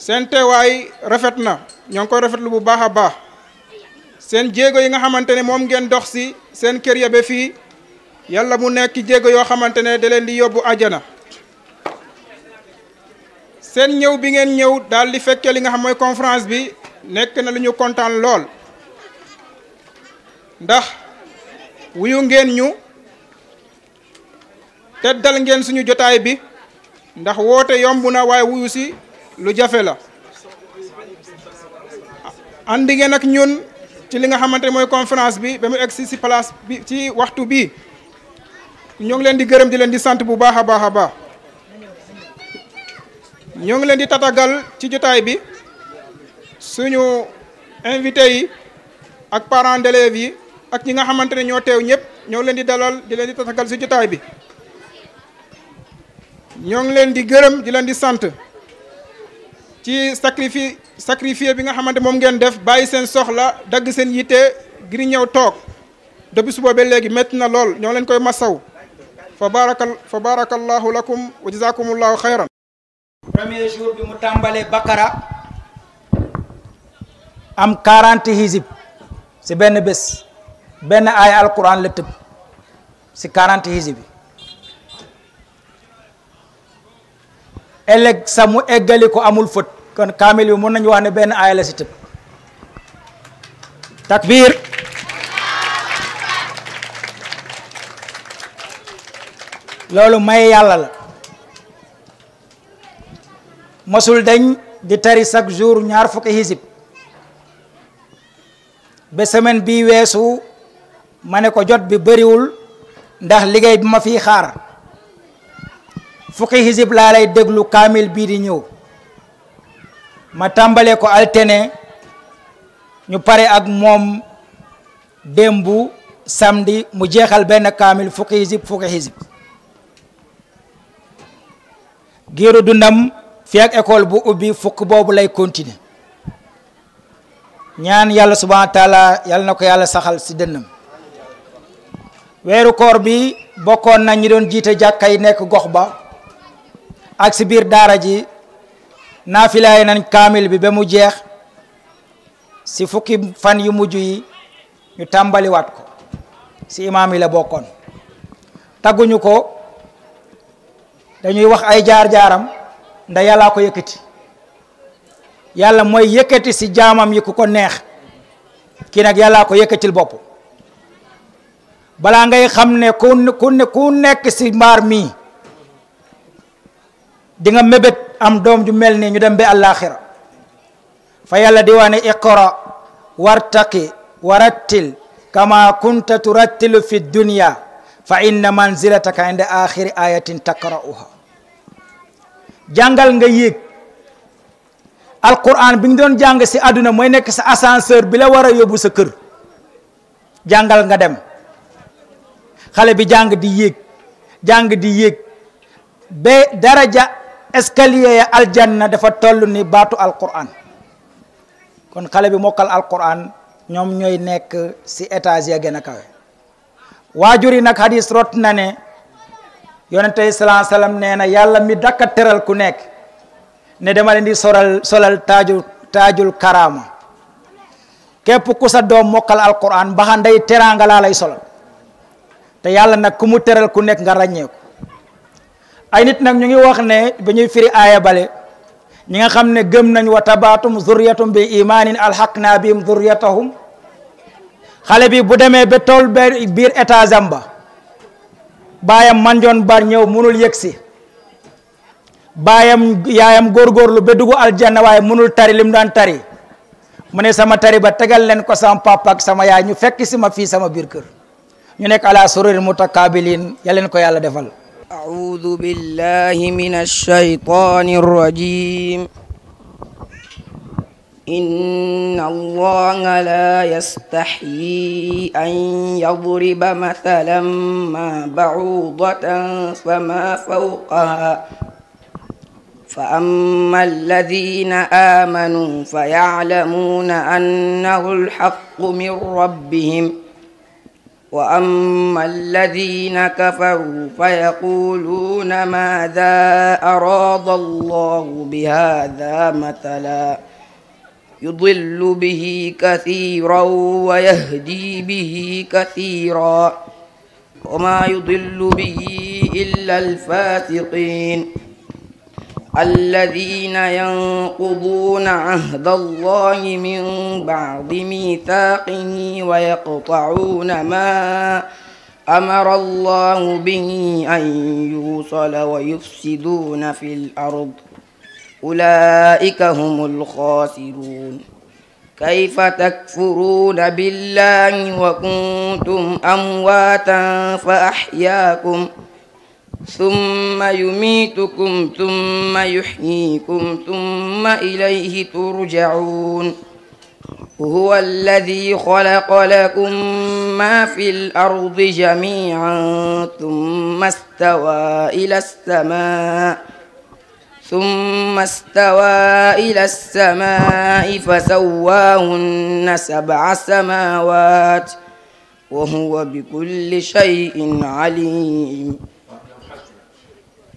seen teewaay rafet na ñoo ngi koy rafetlu bu baax a baax seen jéego yi nga xamante ne moom ngeen dox si seen kër ya fii yàlla mu nekk jéego yoo xamante ne da leen di yóbbu àjjana seen ñëw bi ngeen ñëw daal di fekkee li nga xam mooy conférence bi nekk na lu ñu kontaan lool ndax wuyu ngeen ñu te dal ngeen suñu jotaay bi ndax woote yomb na waaye wuyu si lu jafé la andi ngeen ak ñun ci li nga xamantene moy conférence bi ba mu egsi si place bi ci waxtu bi ñoo ngi leen di gërëm di leen di sante bu baaxa baaxa ba ngi leen di tatagal ci jotaay bi suñu invité yi ak parents d'élèves yi ak ñi nga xamantene nyong ñoo tew ñëpp ñoo leen di dalal di leen di tatagal si jotaay bi ñoo ngi leen di gërëm di leen di sante ci sacrifice bi nga xamante moom ngeen def bàyyi seen soxla dagg seen yitte ngir ñëw toog depuis suba ba léegi métti na lool ñoo leen koy masaw fa baraka fa barakallahu lakum wa jazakumullahu xayran premier jour bi mu tàmbalee Bakara am 40 hizib si benn bés benn aaya alquran la tëb si 40 hizib sa mu eggali ko amul fët kon kaamil bi mun nañu wax ne benn aaya la si tëb takbir loolu may yàlla la mosul dañ di tari chaque jour ñaar fukki xisib ba semaine bii weesu ma ne ko jot bi bëriwul ndax liggéey bi ma fi xaar fukki xisib laa lay déglu kaamil bii di ñëw ma tàmbalee ko altene ñu pare ak moom démbu samedi mu jeexal benn kaamil fukki hizib fukki hizib giiru dundam fi ak école bu ubbi fukk boobu lay continuer ñaan yàlla subhana taala yàlla na ko yàlla saxal si dënnam weeru koor bi bokkoon na ñu doon jiite jàkka yi nekk gox ba ak si biir daara ji naafilaay nañ kaamil bi ba mu jeex si fukki fan yu mujj yi ñu tàmbaliwaat ko si imaam yi la bokkoon tagguñu ko dañuy wax ay jaar-jaaram nda yàllaa ko yëkkati yàlla mooy yëkkati si jaamam yi ku ko neex kii nag yàllaa ko yëkkatil bopp balaa ngay xam ne ku ku nekk si mbaar mii di mébét am dom ju melni ñu dem al-akhir fa yalla di iqra wartaqi warattil kama kunta turattilu fi dunya fa inna manzilataka inda akhir ayatin taqra'uha jangal nga yek alquran quran biñ doon jang ci aduna moy nek sa ascenseur bi la wara yobu sa kër jangal nga dem xale bi jang di yek jang di yek be daraja escalier ya aljanna dafa toll ni baatu alquran kon kale bi mokkal alquran ñoom ñooy nekk si étage ya gën kawe waajur yi nag hadis rot na ne yonente yi salaam salaam nee na yàlla mi dakka teral ku nekk ne dama leen di solal solal taaju taajul karaama képp ku sa doom mokkal alquran ba xam ndey lay solal te yàlla nag ku mu teral ku nekk nga ràññeeku ay nit nag ñu ngi wax ne ba ñuy firi aaya bale ñi nga xam ne gëm nañ wa tabaatum zurriyatum bi imaanin alxaq naa bihim zurriyatahum xale bi bu demee ba tool be biir état zamba baayam manjoon bar ñëw munul yëgsi baayam yaayam góorgóorlu ba dugg aljanna waaye mënul tari lim daan tari mu ne sama tari ba tegal leen ko sama papa ak sama yaay ñu fekk si ma fii sama biir kër ñu nekk ala sururin mutakabilin ya leen ko yàlla defal أعوذ بالله من الشيطان الرجيم إن الله لا يستحيي أن يضرب مثلا ما بعوضة فما فوقها فأما الذين آمنوا فيعلمون أنه الحق من ربهم ۖ واما الذين كفروا فيقولون ماذا اراد الله بهذا مثلا يضل به كثيرا ويهدي به كثيرا وما يضل به الا الفاسقين الذين ينقضون عهد الله من بعد ميثاقه ويقطعون ما أمر الله به أن يوصل ويفسدون في الأرض أولئك هم الخاسرون كيف تكفرون بالله وكنتم أمواتا فأحياكم ۖ ثم يميتكم ثم يحييكم ثم إليه ترجعون هو الذي خلق لكم ما في الأرض جميعا ثم استوى إلى السماء ثم استوى إلى السماء فسواهن سبع سماوات وهو بكل شيء عليم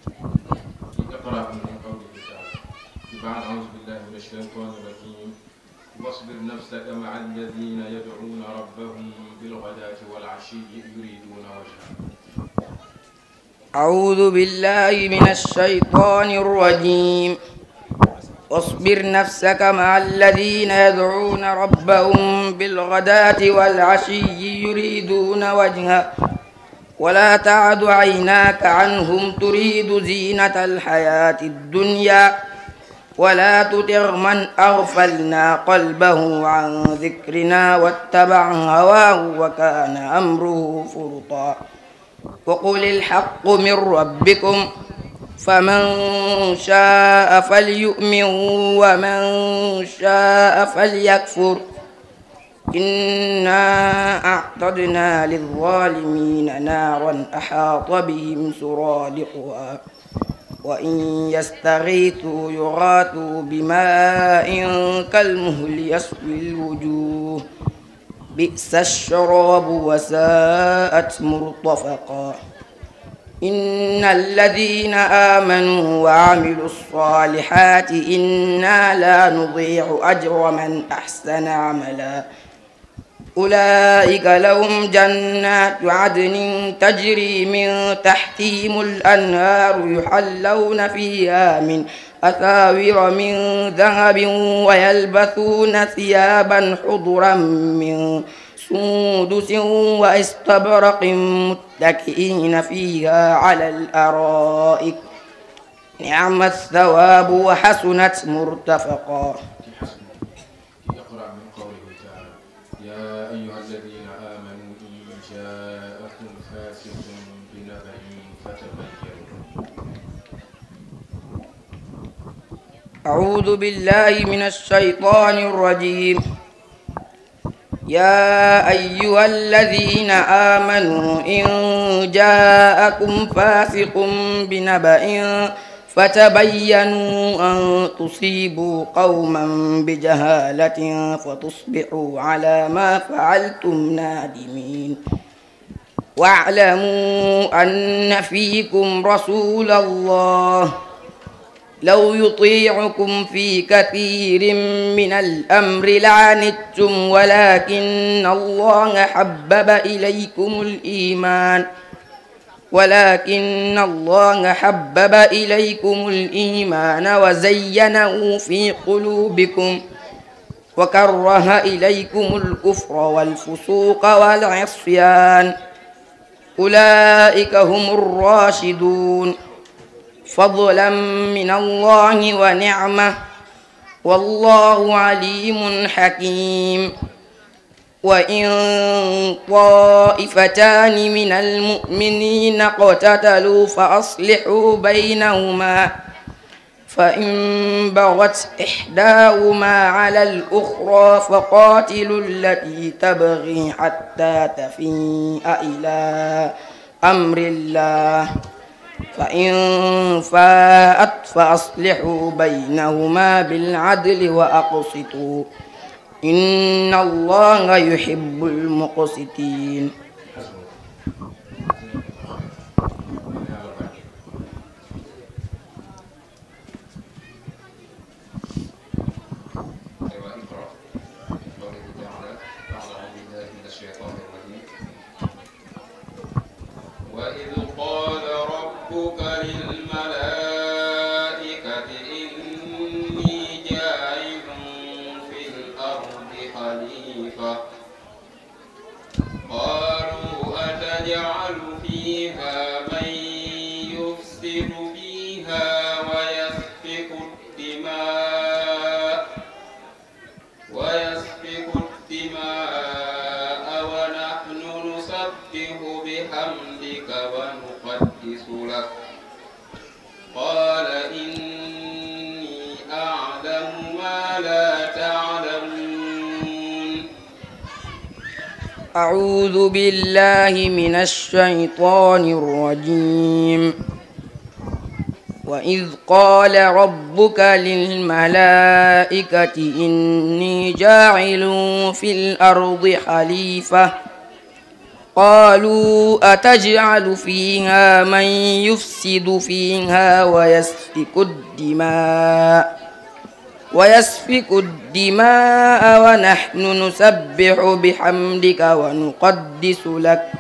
اقرأ من قوله تعالى بعد أعوذ بالله من الشيطان الرجيم واصبر نفسك مع الذين يدعون ربهم بالغداة والعشي يريدون وجهه أعوذ بالله من الشيطان الرجيم واصبر نفسك مع الذين يدعون ربهم بالغداة والعشي يريدون وجهه ولا تعد عيناك عنهم تريد زينة الحياة الدنيا ولا تطع من أغفلنا قلبه عن ذكرنا واتبع هواه وكان أمره فرطا وقل الحق من ربكم فمن شاء فليؤمن ومن شاء فليكفر إنا أعتدنا للظالمين نارا أحاط بهم سرادقها وإن يستغيثوا يغاثوا بماء كالمهل يسوي الوجوه بئس الشراب وساءت مرتفقا إن الذين آمنوا وعملوا الصالحات إنا لا نضيع أجر من أحسن عملاً أولئك لهم جنات عدن تجري من تحتهم الأنهار يحلون فيها من أساور من ذهب ويلبثون ثيابا حضرا من سندس واستبرق متكئين فيها على الأرائك نعم الثواب وحسنت مرتفقا أعوذ بالله من الشيطان الرجيم يا أيها الذين آمنوا إن جاءكم فاسق بنبأ فتبينوا أن تصيبوا قوما بجهالة فتصبحوا على ما فعلتم نادمين واعلموا أن فيكم رسول الله لو يطيعكم في كثير من الامر لعنتم ولكن الله حبب اليكم الايمان ولكن الله حبب اليكم الايمان وزينه في قلوبكم وكره اليكم الكفر والفسوق والعصيان اولئك هم الراشدون فضلا من الله ونعمه والله عليم حكيم وإن طائفتان من المؤمنين اقتتلوا فأصلحوا بينهما فإن بغت إحداهما على الأخرى فقاتلوا التي تبغي حتى تفيء إلى أمر الله فإن فاءت فأصلحوا بينهما بالعدل وأقسطوا إن الله يحب المقسطين أعوذ بالله من الشيطان الرجيم وإذ قال ربك للملائكة إني جاعل في الأرض خليفة قالوا أتجعل فيها من يفسد فيها ويسفك الدماء ويسفك الدماء ونحن نسبح بحمدك ونقدس لك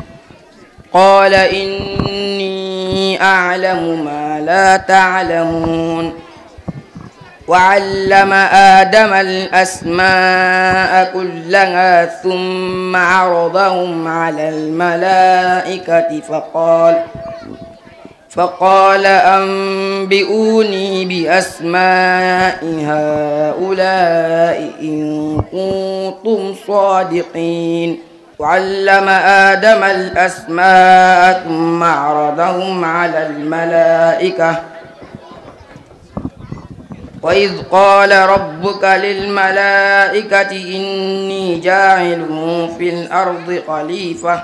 قال إني أعلم ما لا تعلمون وعلم آدم الأسماء كلها ثم عرضهم على الملائكة فقال فقال أنبئوني بأسماء هؤلاء إن كنتم صادقين وعلم آدم الأسماء ثم عرضهم على الملائكة وإذ قال ربك للملائكة إني جاعل في الأرض خليفةً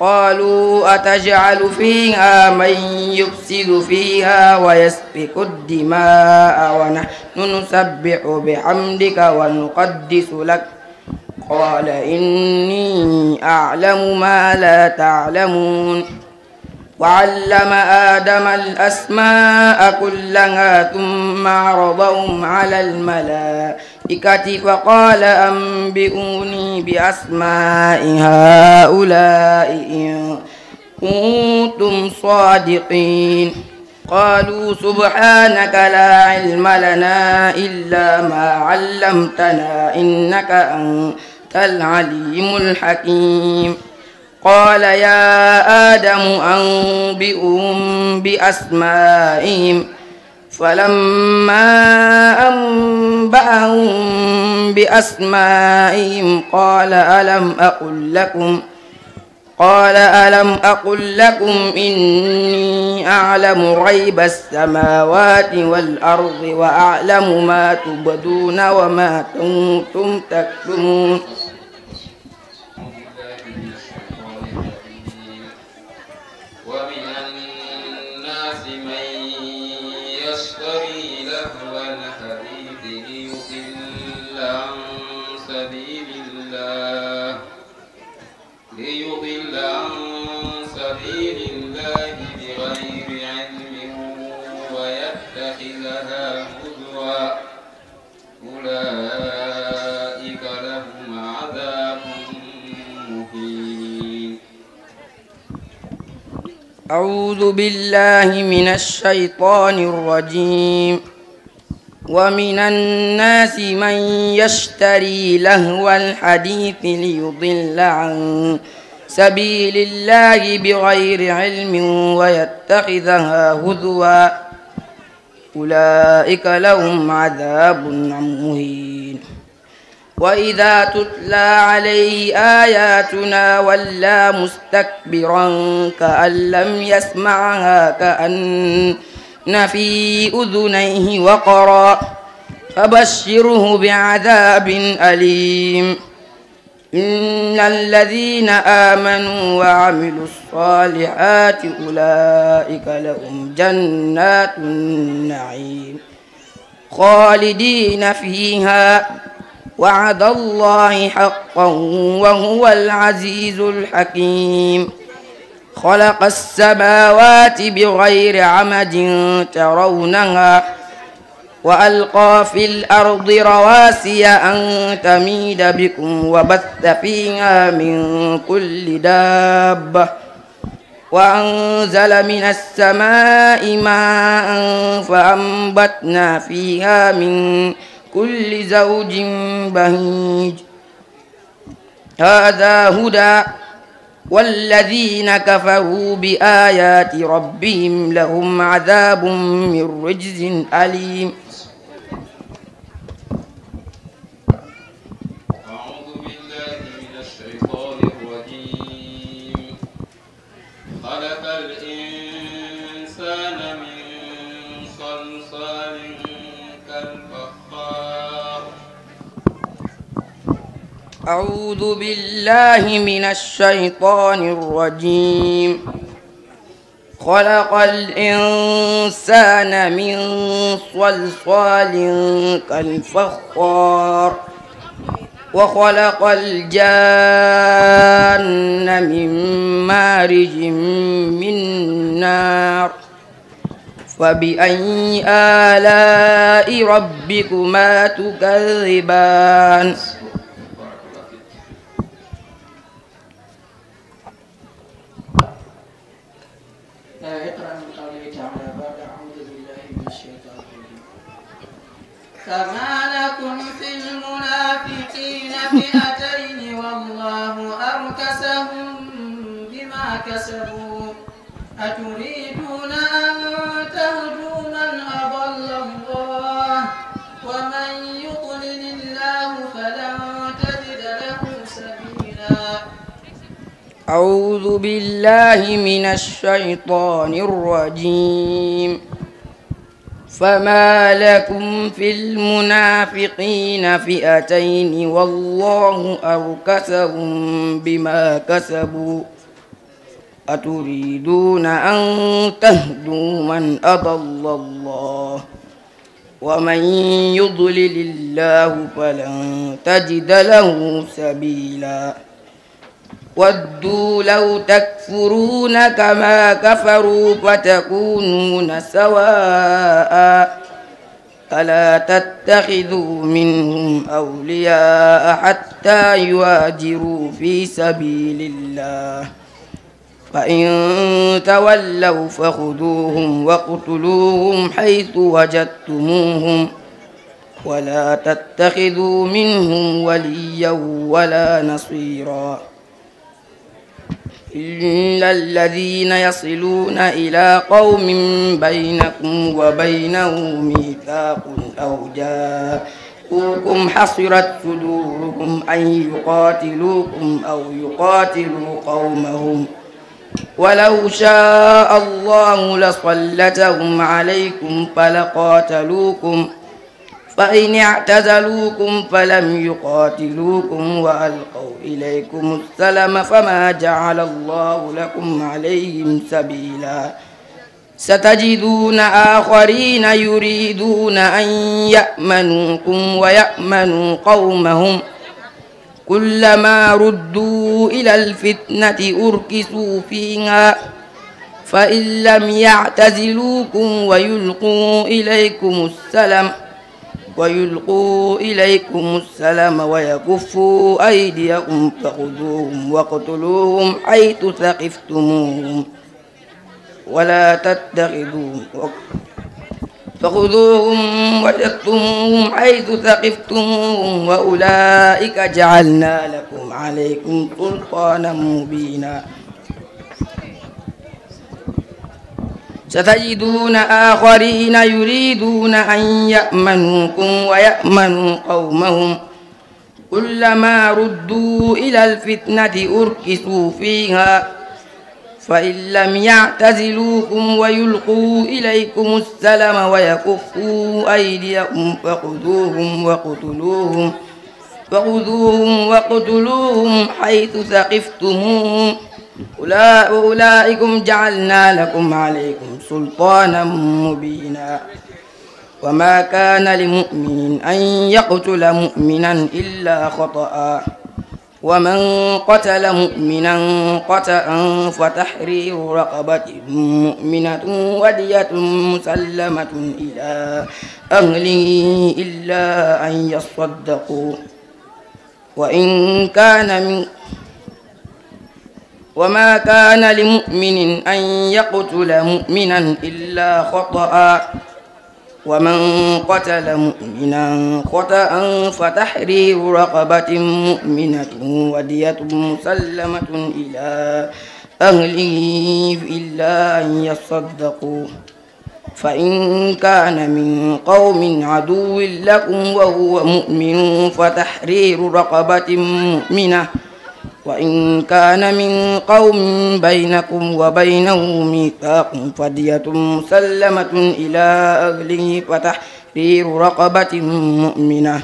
قالوا أتجعل فيها من يفسد فيها ويسفك الدماء ونحن نسبح بحمدك ونقدس لك قال إني أعلم ما لا تعلمون وعلم آدم الأسماء كلها ثم عرضهم على الملائكة المؤتفكة فقال أنبئوني بأسماء هؤلاء إن كنتم صادقين قالوا سبحانك لا علم لنا إلا ما علمتنا إنك أنت العليم الحكيم قال يا آدم أنبئهم بأسمائهم فلما أنبأهم بأسمائهم قال ألم أقل لكم قال ألم أقل لكم إني أعلم غيب السماوات والأرض وأعلم ما تبدون وما كنتم تكتمون ليضل عن سبيل الله بغير علم ويتخذها هدوا أولئك لهم عذاب مهين أعوذ بالله من الشيطان الرجيم ومن الناس من يشتري لهو الحديث ليضل عن سبيل الله بغير علم ويتخذها هزوا أولئك لهم عذاب مهين وإذا تتلى عليه آياتنا ولا مستكبرا كأن لم يسمعها كأن يسمعن في أذنيه وقرا فبشره بعذاب أليم إن الذين آمنوا وعملوا الصالحات أولئك لهم جنات النعيم خالدين فيها وعد الله حقا وهو العزيز الحكيم خلق السماوات بغير عمد ترونها وألقى في الأرض رواسي أن تميد بكم وبث فيها من كل دابة وأنزل من السماء ماء فأنبتنا فيها من كل زوج بهيج هذا هدى والذين كفروا بآيات ربهم لهم عذاب من رجز أليم أعوذ بالله من الشيطان الرجيم خلق الإنسان من صلصال كالفخار وخلق الجان من مارج من نار فبأي آلاء ربكما تكذبان؟ فما لكم في المنافقين فئتين والله أركسهم بما كسبوا أتريدون أن تهدوا من أضل الله ومن يضلل الله فلن تجد له سبيلا أعوذ بالله من الشيطان الرجيم فما لكم في المنافقين فئتين والله أركسهم بما كسبوا أتريدون أن تهدوا من أضل الله ومن يضلل الله فلن تجد له سبيلاً ودوا لو تكفرون كما كفروا فتكونون سواء فلا تتخذوا منهم أولياء حتى يواجروا في سبيل الله فإن تولوا فخذوهم واقتلوهم حيث وجدتموهم ولا تتخذوا منهم وليا ولا نصيرا إن الذين يصلون إلى قوم بينكم وبينهم ميثاق أو جاءوكم حصرت صدوركم أن يقاتلوكم أو يقاتلوا قومهم ولو شاء الله لصلتهم عليكم فلقاتلوكم ۖ فإن اعتزلوكم فلم يقاتلوكم وألقوا إليكم السلم فما جعل الله لكم عليهم سبيلا ستجدون آخرين يريدون أن يأمنوكم ويأمنوا قومهم كلما ردوا إلى الفتنة أركسوا فيها فإن لم يعتزلوكم ويلقوا إليكم السلم ويلقوا إليكم السلام ويكفوا أيديكم فخذوهم واقتلوهم حيث ثقفتموهم ولا تتخذوهم فخذوهم وجدتموهم حيث ثقفتموهم وأولئك جعلنا لكم عليكم سلطانا مبينا ستجدون آخرين يريدون أن يأمنوكم ويأمنوا قومهم كلما ردوا إلى الفتنة أركسوا فيها فإن لم يعتزلوكم ويلقوا إليكم السلم ويكفوا أيديهم فخذوهم وقتلوهم فخذوهم وقتلوهم حيث ثقفتموهم أولئكم جعلنا لكم عليكم سلطانا مبينا وما كان لمؤمن أن يقتل مؤمنا إلا خطأ ومن قتل مؤمنا قتأ فتحرير رقبة مؤمنة ودية مسلمة إلى أهله إلا أن يصدقوا وإن كان من وما كان لمؤمن أن يقتل مؤمنا إلا خطأ ومن قتل مؤمنا خطأ فتحرير رقبة مؤمنة ودية مسلمة إلى أهله إلا أن يصدقوا فإن كان من قوم عدو لكم وهو مؤمن فتحرير رقبة مؤمنة وإن كان من قوم بينكم وبينه ميثاق فدية مسلمة إلى أهله فتحرير رقبة مؤمنة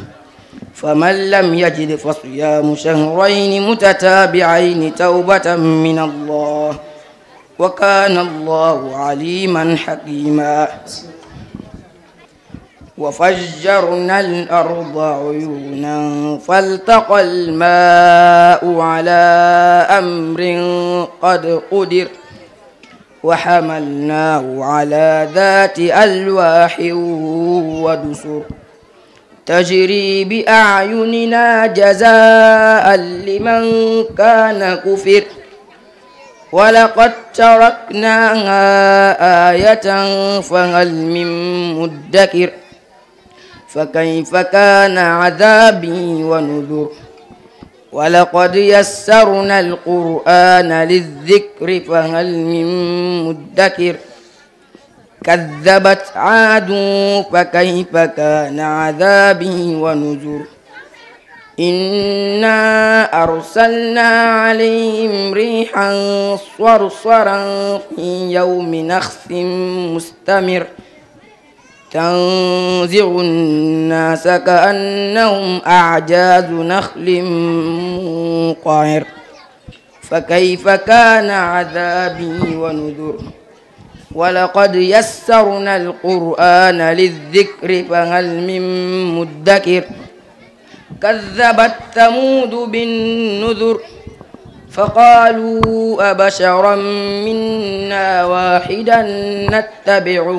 فمن لم يجد فصيام شهرين متتابعين توبة من الله وكان الله عليما حكيما وفجرنا الأرض عيونا فالتقى الماء على أمر قد قدر وحملناه على ذات ألواح ودسر تجري بأعيننا جزاء لمن كان كفر ولقد تركناها آية فهل من مدكر ۖ فكيف كان عذابي ونذر ولقد يسرنا القرآن للذكر فهل من مدكر كذبت عاد فكيف كان عذابي ونذر إنا أرسلنا عليهم ريحا صرصرا في يوم نخس مستمر تنزع الناس كأنهم أعجاز نخل منقعر فكيف كان عذابي ونذر ولقد يسرنا القرآن للذكر فهل من مدكر كذبت ثمود بالنذر فقالوا أبشرا منا واحدا نتبعه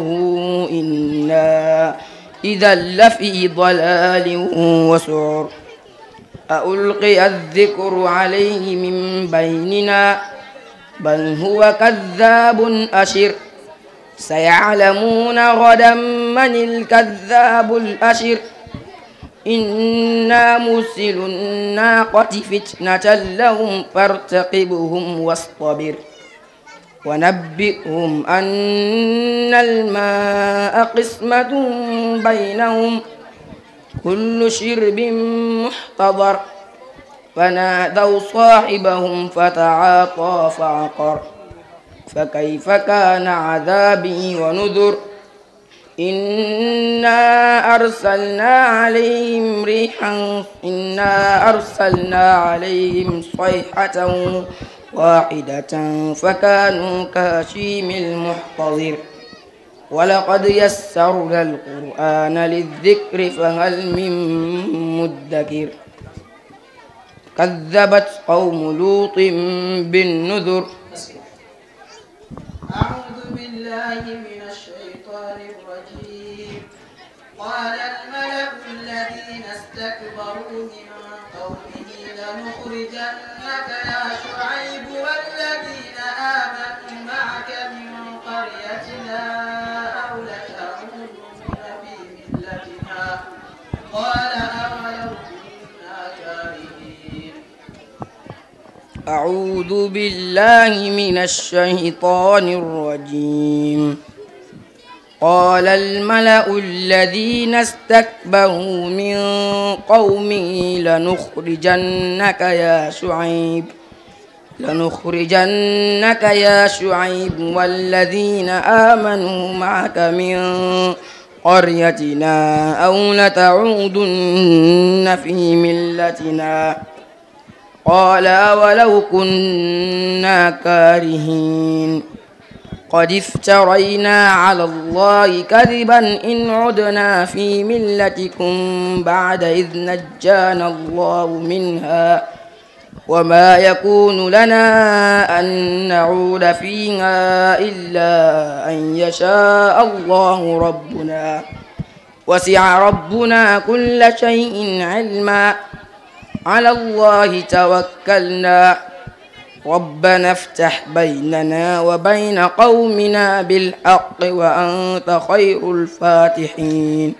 إنا إذا لفي ضلال وسعر ألقي الذكر عليه من بيننا بل هو كذاب أشر سيعلمون غدا من الكذاب الأشر إنا مرسل الناقة فتنة لهم فارتقبهم واصطبر ونبئهم أن الماء قسمة بينهم كل شرب محتضر فنادوا صاحبهم فتعاطى فعقر فكيف كان عذابي ونذر إنا أرسلنا عليهم ريحا إنا أرسلنا عليهم صيحة واحدة فكانوا كهشيم المحتضر ولقد يسرنا القرآن للذكر فهل من مدكر كذبت قوم لوط بالنذر أعوذ بالله من الشيطان الرجيم قال الملأ الذين استكبروا من قومه لنخرجنك يا شعيب والذين آمنوا معك من قريتنا أو من في ملتنا قال أعوذ بالله من الشيطان الرجيم قال الملأ الذين استكبروا من قومه لنخرجنك يا شعيب لنخرجنك يا شعيب والذين آمنوا معك من قريتنا أو لتعودن في ملتنا قال ولو كنا كارهين قد افترينا على الله كذبا إن عدنا في ملتكم بعد إذ نجانا الله منها وما يكون لنا أن نعود فيها إلا أن يشاء الله ربنا وسع ربنا كل شيء علما على الله توكلنا ربنا افتح بيننا وبين قومنا بالحق وأنت خير الفاتحين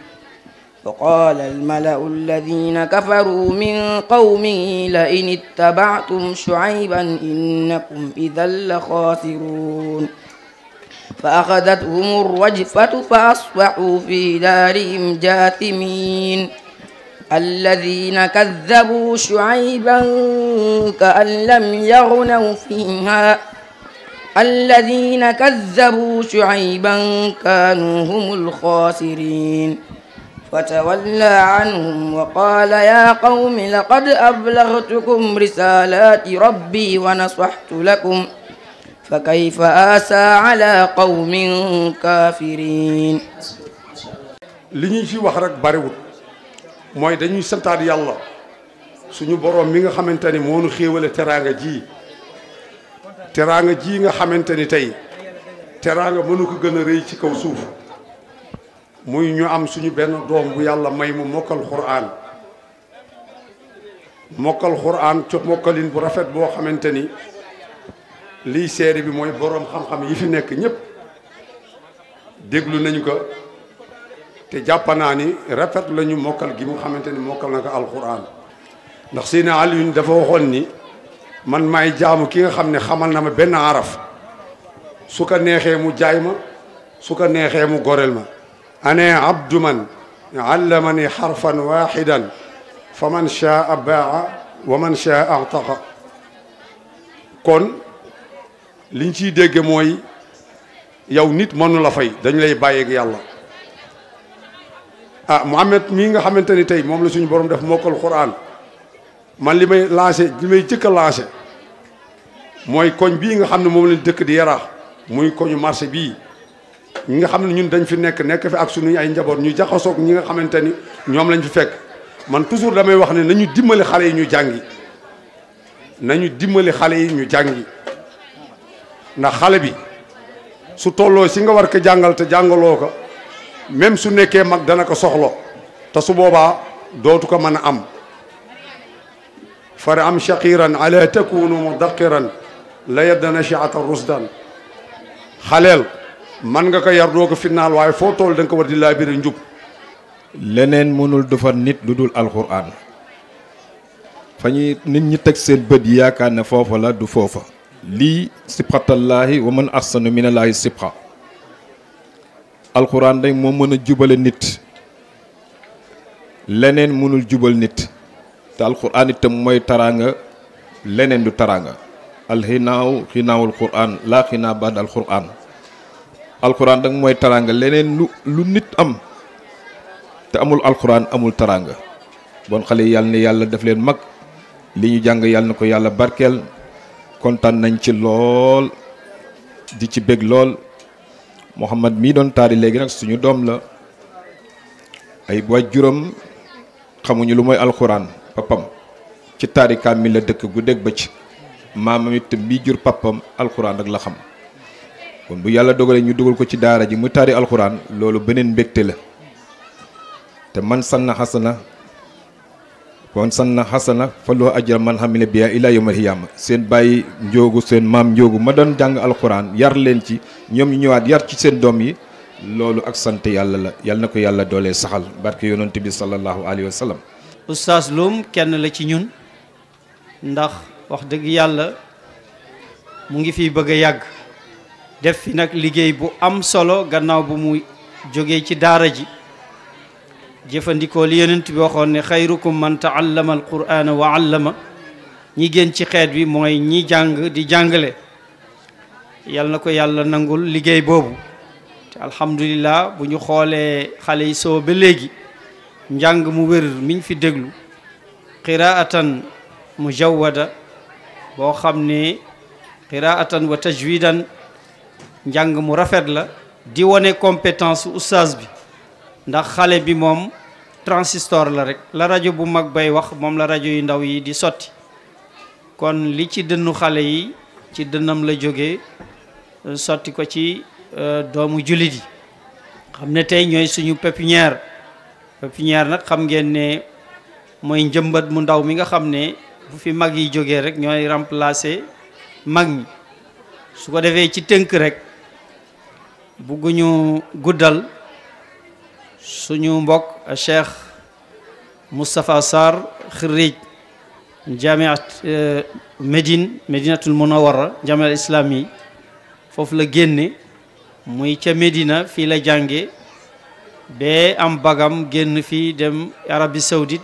فقال الملأ الذين كفروا من قومه لئن اتبعتم شعيبا إنكم إذا لخاسرون فأخذتهم الرجفة فأصبحوا في دارهم جاثمين الذين كذبوا شعيبا كأن لم يغنوا فيها الذين كذبوا شعيبا كانوا هم الخاسرين فتولى عنهم وقال يا قوم لقد أبلغتكم رسالات ربي ونصحت لكم فكيف آسى على قوم كافرين لنجي وحرك باريوت mooy dañuy santaat yàlla suñu boroom mi nga xamante ni moo nu xéewale teraanga ji teraanga ji nga xamante ni tey teraanga mënu ko gën a rëy ci kaw suuf muy ñu am suñu benn doom bu yàlla may mu mokkal xuraan mokkal xuraan co mokkalin bu rafet boo xamante ni liy seere bi mooy boroom xam-xam yi fi nekk ñépp déglu nañu ko te jappanaani rafet lañu mokal gi mu xamanteni mokal naka alquran ko alxuraan ndax Seydina Alioune dafa waxon ni man may jaamu ki nga xamne xamal na ma ben araf suka nexé mu jaayma suka nexé mu gorel ma ane abdu man allamani harfan wahidan faman shaa baa wa man shaa ataqa kon liñ ci dégg moy yow nit mënu la fay dañ lay bayé ak yàlla ah Mouhamed mii nga xamante ni tey moom la suñu borom def mokkal Qur'an man li may lancé li may jëkk a mooy koñ bii nga xam ne moom lañ dëkk di yara muy koñu marché bii ñi nga xam ne ñun dañ fi nekk nekk fi ak suñu ay njaboot ñu jaxasoog ñi nga xamante ni ñoom lañ fi fekk man toujours damay wax ne nañu dimbali xale yi ñu jàngi nañu dimbali xale yi ñu jàngi ndax xale bi su tolloo si nga war ko jàngal te jàngaloo ko même su nekké mag dana ko soxlo ta su boba dotu ko mën am far am shaqiran ala takunu mudaqiran la yadna shi'at ar rusdan khalel man nga ko yar do ko final way fo tol dang ko war di laa bira njub leneen mënul defar nit lu dul alquran fañi nit ñi tek seen bët yaaka na fofu la du fofu li sibxatallaahi wa man ahsanu minallaahi sibxa alxuraan day moo mën a jubale nit leneen mënul jubal nit te alxuraan itam mooy taraanga leneen du taraanga alxinaaw xinaawul xuraan laa xinaa alxuraan alxuraan dag mooy taraanga leneen lu lu nit am te amul alxuraan amul taraanga bon xale yi yàlla yàlla def leen mag li ñu jàng yàlla na ko yàlla barkeel kontaan nañ ci lool di ci bég lool Mouhamad mii doon taali léegi nag suñu doom la ay juróom xamuñu lu mooy alxuraan papam ci taari kaamil la dëkk guddeeg ba ci it mii jur papam alxuraan rek la xam kon bu yàlla dogalee ñu dugal ko ci daara ji mu taari alxuraan loolu beneen mbégte la te man sanna na kon san na xasana fa loo ajra man xamile biya ila yawmal xiyaama seen bàyyi njoogu seen maam njoogu ma doon jàng alxuraan yar leen ci ñoom ñu ñëwaat yar ci seen doom yi loolu ak sant yàlla la yal na ko yàlla doole saxal barke yonent bi sallallahu alayhi wa sallam oustaz kenn la ci ñun ndax wax dëgg yàlla mu ngi fi bëgg a yàgg def fi nag liggéey bu am solo gannaaw bu mu jógee ci daara ji jëfandikoo li yonent bi waxoon ne xayrukum man taallama alqur'ana wa allama ñi gën ci xeet bi mooy ñi jàng di jàngale yàlla na ko yàlla nangul liggéey boobu te alhamdulillah bu ñu xoolee xale yi soo ba léegi njàng mu wér miñ fi déglu qiraatan mujawwada boo xam ne qiraatan wa tajwidan njàng mu rafet la di wone compétence oustaz bi ndax xalé bi mom transistor la rek la radio bu mag bay wax moom la radio yi ndaw yi di soti kon li ci deñu xalé yi ci deñam la joggé euh, soti ko ci euh, doomu julit yi xam tay ñoy suñu pépinière pépinière nak xam ngeen ne moy njëmbat mu ndaw mi nga xam bu fi mag yi joggé rek ñoy remplacer mag ñi su ko défé ci teunk rek bugguñu guddal suñu mbokk Cheikh Moustapha sar khirij jamiat Médine Médinatul munawwara jamiat islami fofu la génne muy ca Médina fi la jànge bé am bagam génn fi dem Arabie Saoudite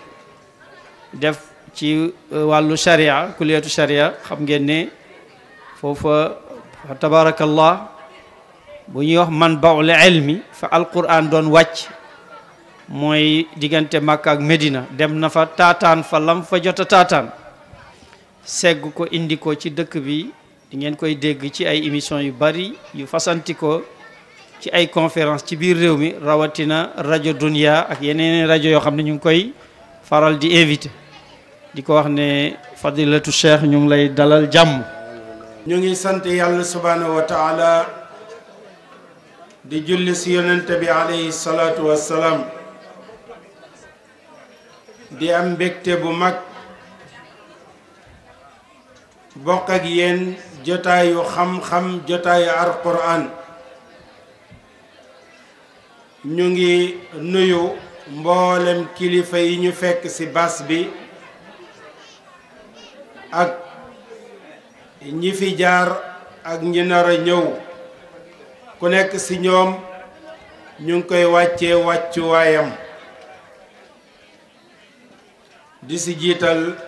def ci walu sharia kuliyatu sharia xam ngeen ne fofu tabarakallah bu ñuy wax man baul ilmi fa alquran don wàcc mooy diggante makk ak Medina dem na fa taataan fa lam fa jot taataan segg ko indi ko ci dëkk bi di ngeen koy dégg ci ay émission yu bari yu fasanti ko ci ay conférence ci biir réew mi rawatina rajo Dunia ak yeneen rajo yoo xam ne ñu ngi koy faral di invité di ko wax ne fadilatu cheikh ñu ngi lay dalal jàmm ñu ngi sant yàlla subhaanahu wa di julli si yonente bi alayhi salaatu wassalaam di am mbégte bu mag bokk ak yenn jotaayu xam-xam jotaayu alquran ñu ngi nuyu mboolem kilifa yi ñu fekk ci bas bi ak ñi fi jaar ak ñi nara a ñëw ku nekk ci ñoom ñu ngi koy wàcce wàccuwaayam di ci jiital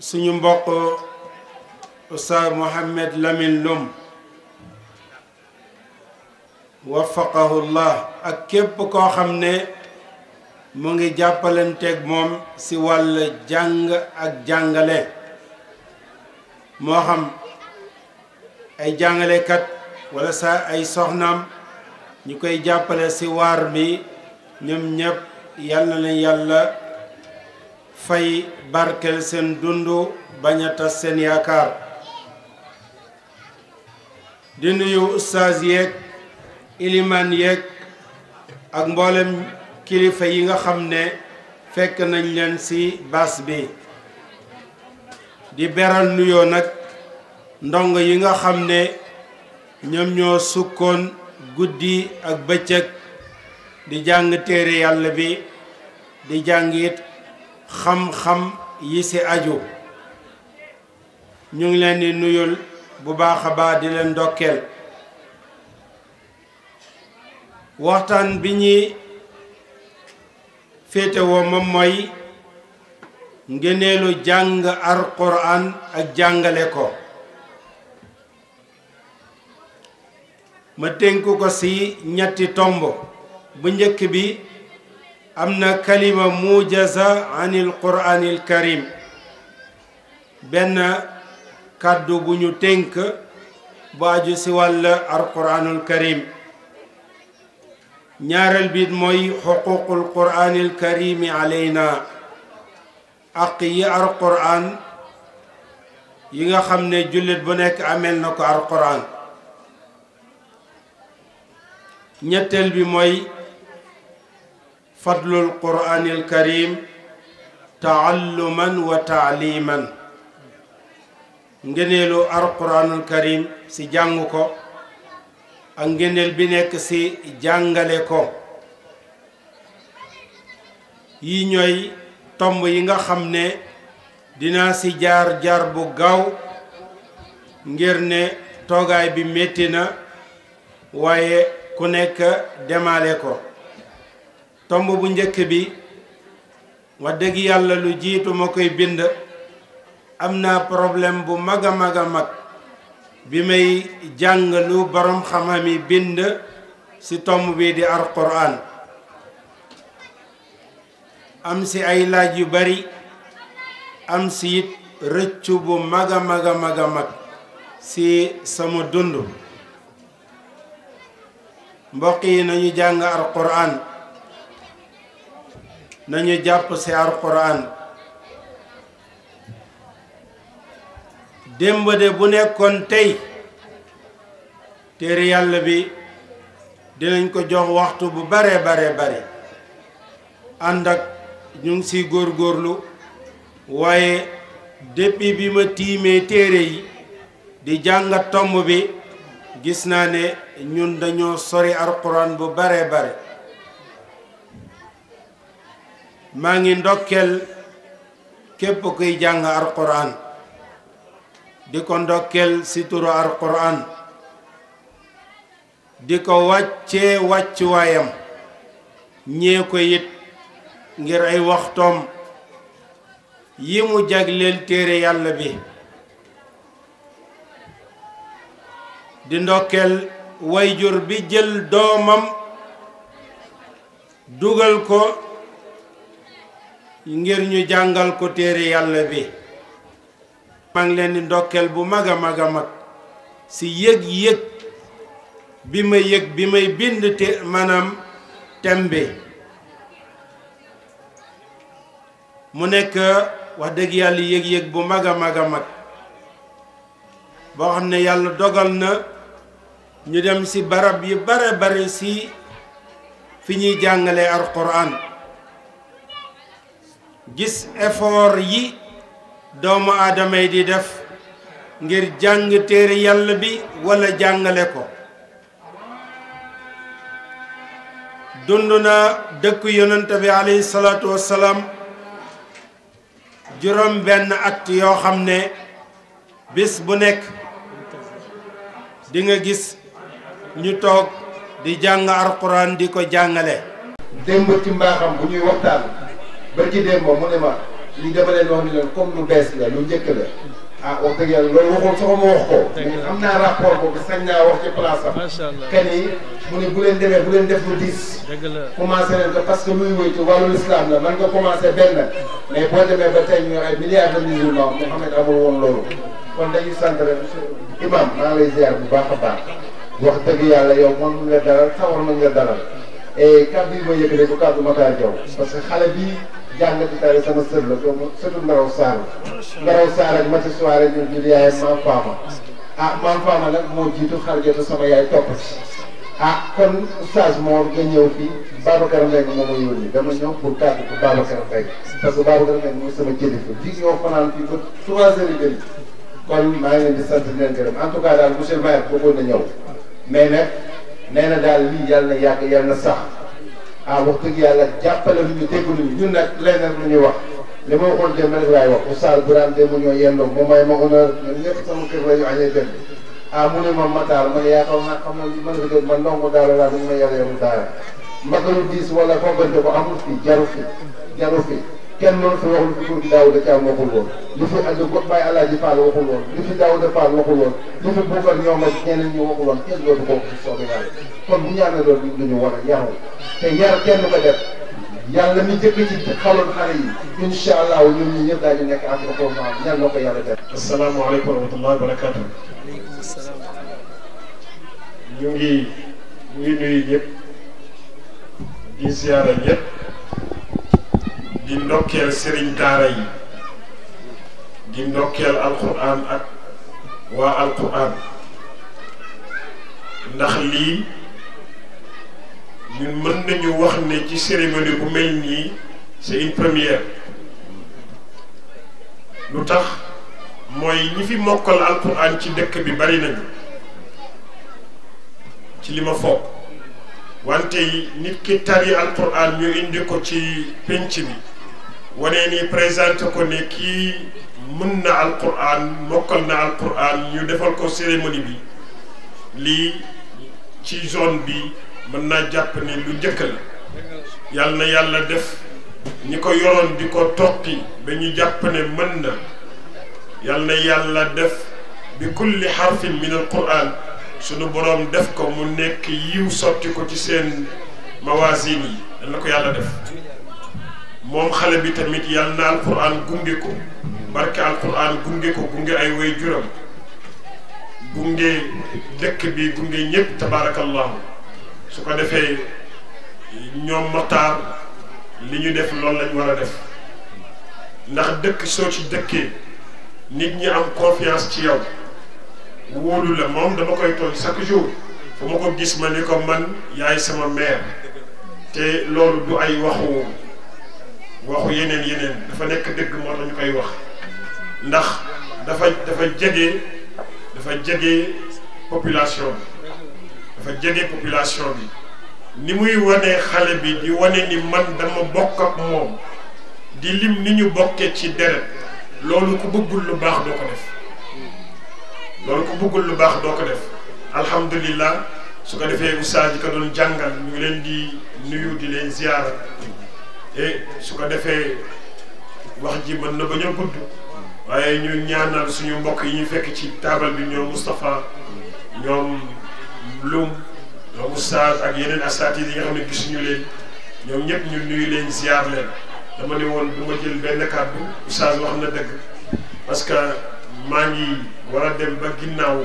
suñu mbokk ustaas Mohamed Lamine Lum waffaqahu ak képp koo xam ne mu ngi jàppalanteeg moom ci wàll jàng ak jàngale moo xam ay jàngalekat wala sa ay soxnaam ñu koy jàppale ci waar bi ñoom ñëpp yal na leen yàlla fay barkel seen dund bañ a tas seen yaakaar di nuyu ustaas yeeg ilimaan yeeg ak mboolem kilifa yi nga xam ne fekk nañ leen ci baas bi di beral nuyoo nag ndongo yi nga xam ne ñoom ñoo sukkoon guddi ak bëccëg di jang téré yalla bi di jàng it xam-xam yi ci aju ñu ngi leen di nuyul bu baaxa ba di leen ndokkeel waxtaan bi ñuy féetewoo moom mooy ngeneelu jàng alquran ak jàngale ko ma tenku ko si ñatti tombo بنجك بي أمنا كلمة موجزة عن القرآن الكريم بنا كادو بنيو تنك باجو سوال القرآن الكريم نار البيد موي حقوق القرآن الكريم علينا أقي القرآن ييغا خامني جولت بو نيك امل نكو القرآن fadlul quraanil karim taalluman wa taaliman ngëneelu al quraanul karim ci jàng ko ak ngëneel bi nekk ci jàngale ko yi ñooy tomb yi nga xam ne dina ci jaar jaar bu gaaw ngir ne toogaay bi metti na waaye ku nekk demaale ko tomb bu njëkk bi wax dëgg yàlla lu jiitu ma koy bind am naa problème bu mag a mag a mag bi may jàng lu borom xam yi bind ci tomb bi di alquran am ci ay laaj yu bari am ci it rëccu bu mag a mag a mag ci sama dund mbokk yi nañu jàng alquran nañu jàpp ci alxuraan démb de bu nekkoon tey téere yàlla bi dinañ ko jox waxtu bu bare bare bare ànd ak ñu ngi ciy góorgóorlu waaye depuis bi ma tiimee téere yi di jàngat tomb bi gis naa ne ñun dañoo sori alxuraan bu bare bare maa ngi ndokkeel képp kuy jàng alquran di ko ndokkeel si turu di ko wàccee wàccuwaayam ñee ko it ngir ay waxtoom yi mu jagleel téere yàlla bi di ndokkeel wayjur bi jël doomam dugal ko ngir ñu jàngal ko téere yàlla bi maa leen di ndokkeel bu mag a mag a mag ci yëg-yëg bi ma yëg bi may bind te maanaam bi mu nekk wax dëgg yàlla yëg-yëg bu mag a mag a mag boo xam ne yàlla dogal na ñu dem ci barab yi bare bare si fi ñuy jàngale alquran gis effort yi doomu aadama yi di def ngir jàng téere yàlla bi walla jàngale ko dund na dëkk yonent bi alayhi salaatu wassalaam juróom benn at yoo xam ne bés bu nekk di nga gis ñu toog di jàng alxuraan di ko jàngale démb ci mbaaxam bu ñuy waxtaan ba ci démb mu ne ma li dama leen wax ni leen comme lu bees la lu njëkk la ah wax dëgg yàlla loolu waxul sax ma wax ko am naa mu ne bu leen demee bu leen def lu diis commencé leen ko parce que luy wéytu wàllu islam la man nga commencé benn mais boo demee ba tey ñu ay milliards de musulmans Mouhamed amul woon loolu kon dañuy sant rek imam maa ngi lay bu baax a baax wax dëgg yàlla yow moom nga dalal sawar na nga dalal et kàddu yi ma yëg rek bu kàddu Matar Diaw parce que jàngatukaay bi sama sër la doomu sëtu Ndaraw Sarr la Ndaraw Sarr ak Mati Soare ñu jur yaayam maam Faama ah maam ah, ma yónni dama ñëw pour kàddu ko na ñëw mais nag nee daal lii yàlla na yàlla sax ah wax dëgg yàlla jàppale lu ñu déglu ñu ñun nag leneen lu ñuy wax li ma waxoon démb rek laay wax oustaz Birame démb ñoo yendoo mu may ma honneur ñun ñëpp sama kër la ñu añee démb ah mu ne ma Matar man yaakaar naa xam nga man fi dégg man ndongo daara laa dañu ma yàlla yemul daara mbakalu diis wala foogante ko amul fi jaru fi jaru fi kenn loolu fi waxul fi Daouda Thiam waxul woon li fi ànd ko Baye Alaaji Fall waxul woon li fi Daouda Fall waxul woon li fi Boucar ñoom ak ñeneen ñi waxul woon kenn dootu ko wax ci soobee yàlla kon bu ñaanee loolu dañu war a yaru te yar kenn ko def yàlla mi jëkk ci xaloon xale yi incha allah ñun ñi ñëpp daañu nekk entre confiance ñaan na ko yàlla def. asalaamaaleykum wa rahmatulah wa barakaatu. ñu ngi ñu ngi nuyu ñëpp di ziara ñëpp. di ndokkeel sëriñ daara yi di ndokkeel alquran ak waa alquran ndax lii ñun mën nañu wax ni ci cérémonie bu mel nii c'est une lu tax mooy ñi fi mokkal alquran ci dëkk bi bari nañu ci li ma foog wante nit ki tari alquran ñu indi ko ci penc bi wane ni présenté ko ne kii mën na alquran mokkal na alquran ñu defal ko cérémonie bi lii ci zone bi mën naa jàpp ne lu njëkk la yàlla na yàlla def ñi ko yoroon di ko toqi ba ñu jàpp ne mën na yàlla na yàlla def bi kulli xarfin min alquran sunu boroom def ko mu nekk yiw sotti ko ci seen mawasin yi yàlla na ko yàlla def moom xale bi tamit yal na alquran gunge ko barke alquran gunge ko gunge ay way juram gunge dëkk bi gunge ñëpp tabaarakallahu su ko defee ñoom motaar li ñu def loolu lañ war a def ndax dëkk soo ci dëkkee nit ñi am confiance ci yow wóolu la moom dama koy tooñ chaque jour fu ma ko gis ma ni ko man yaay sama mère te loolu du ay waxu waxu yeneen yeneen dafa nekk dëgg moo tax ñu koy wax ndax dafa dafa jege dafa jege population bi dafa jege population bi ni muy wane xale bi di wane ni man dama bokk ak moom di lim ni ñu bokkee ci deret loolu ku bëggul lu baax doo ko def loolu ku bëggul lu baax doo ko def alhamdulillah su ko defee ustaas yi ko doon jàngal ñu ngi leen di nuyu di leen ziyaara su ko defee wax ji mën na bañ a gudd waaye ñu ñaanal suñu mbokk yi ñu fekk ci taabal bi ñoom Moustapha ñoom Loum ñoom Oustaz ak yeneen asaatiid yi nga xam ne leen ñoom ñëpp ñu nuyu leen ziar dama ne woon du ma jël benn kàddu Oustaz wax na dëgg parce maa ngi war a dem ba ginnaaw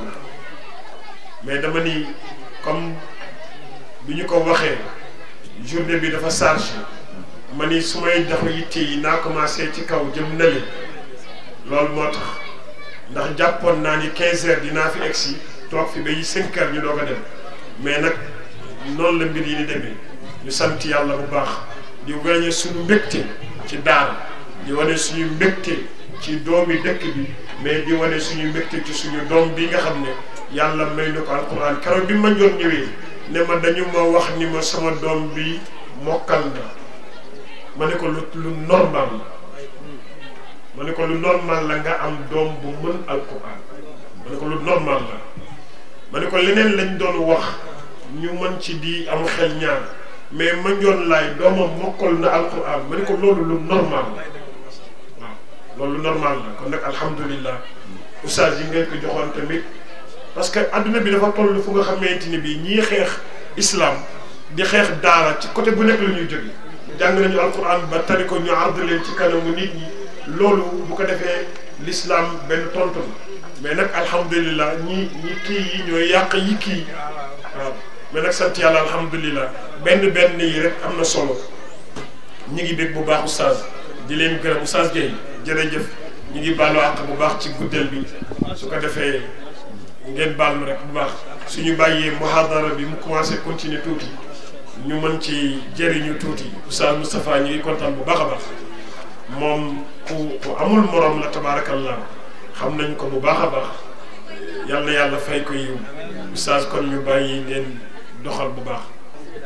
mais dama ni comme bi ñu ko waxee journée bi dafa chargé. ma ni su may dafa yitte yi naa commencé ci kaw jëm nali loolu moo tax ndax jàppoon naa ni 15 heures dinaa fi egg si toog fi ba yi 5 heures ñu doog dem mais nag noonu la mbir yi di demee ñu sant yàlla bu baax di wane suñu mbégte ci daar di wane suñu mbégte ci doomi dëkk bi mais di wane suñu mbégte ci suñu doom bi nga xam ne yàlla may na ko alquran keroog bi ma joon ñëwee ne ma dañu ma wax ni ma sama doom bi mokkal na ma ne ko lu lu normal la ma ne ko lu normal la nga am doom bu mën alquran ma ne ko lu normal la ma ne ko leneen lañ doon wax ñu mën ci di am xel ñaar mais ma njoon laay doomam mokkal na alquran ma ne ko loolu lu normal la loolu lu normal la kon nag alhamdulillah oustaz yi ngeen ko joxoon tamit parce que adduna bi dafa toll fu nga xamante ni bii ñii xeex islam di xeex daara ci côté bu nekk la ñuy jàng nañu alquran ba tari ko ñu ardu leen ci kanamu nit ñi loolu bu ko defee lislaam benn tontu mais nag alhamdulilah ñi ñi kii yi ñooy yàq yi kii waaw mais nag sant yàlla alhamdulilah benn benn yi rek am na solo ñi ngi bég bu baax oustaz di leen gërëm oustaz Gueye jërëjëf ñi ngi baalu àq bu baax ci guddeel bi su ko defee ngeen baal ma rek bu baax suñu bàyyee muhadara bi mu commencé continuer tuuti. ñu mën ci jëriñu tuuti Oustaz Moustapha ñu ngi bu baax a baax moom ku ku amul morom la tabaarakallah xam nañu ko bu baax a baax yàlla yàlla fay ko yiw Oustaz kon ñu bàyyi leen doxal bu baax.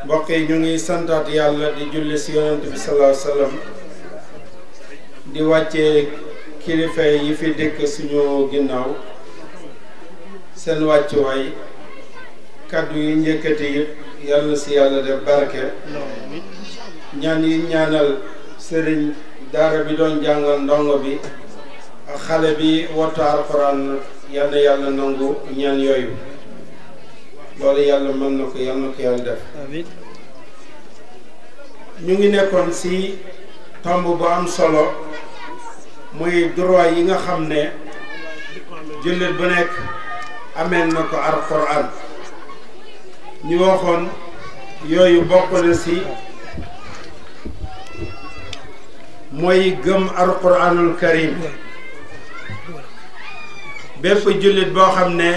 mbokk yi ñu ngi santaat yàlla di julli si yonent bi sallallahu alayhi wasallam di wàccee kilifa yi fi dëkk suñu ginnaaw seen wàccuwaay kaddu yi njëkkati yëpp. yàlla si yàlla def barke ñaan yi ñaanal sëriñ daara bi doon jàngal ndongo bi ak xale bi wattu alxuraan yal na yàlla nangu ñaan yooyu loolu yàlla mën na ko yàlla def ñu ngi nekkoon si tomb bu am solo muy droit yi nga xam ne jullit bu nekk ameen na ko alxuraan ñu waxoon yooyu bokk na si mooy gëm alquranul karim bépp jullit boo xam ne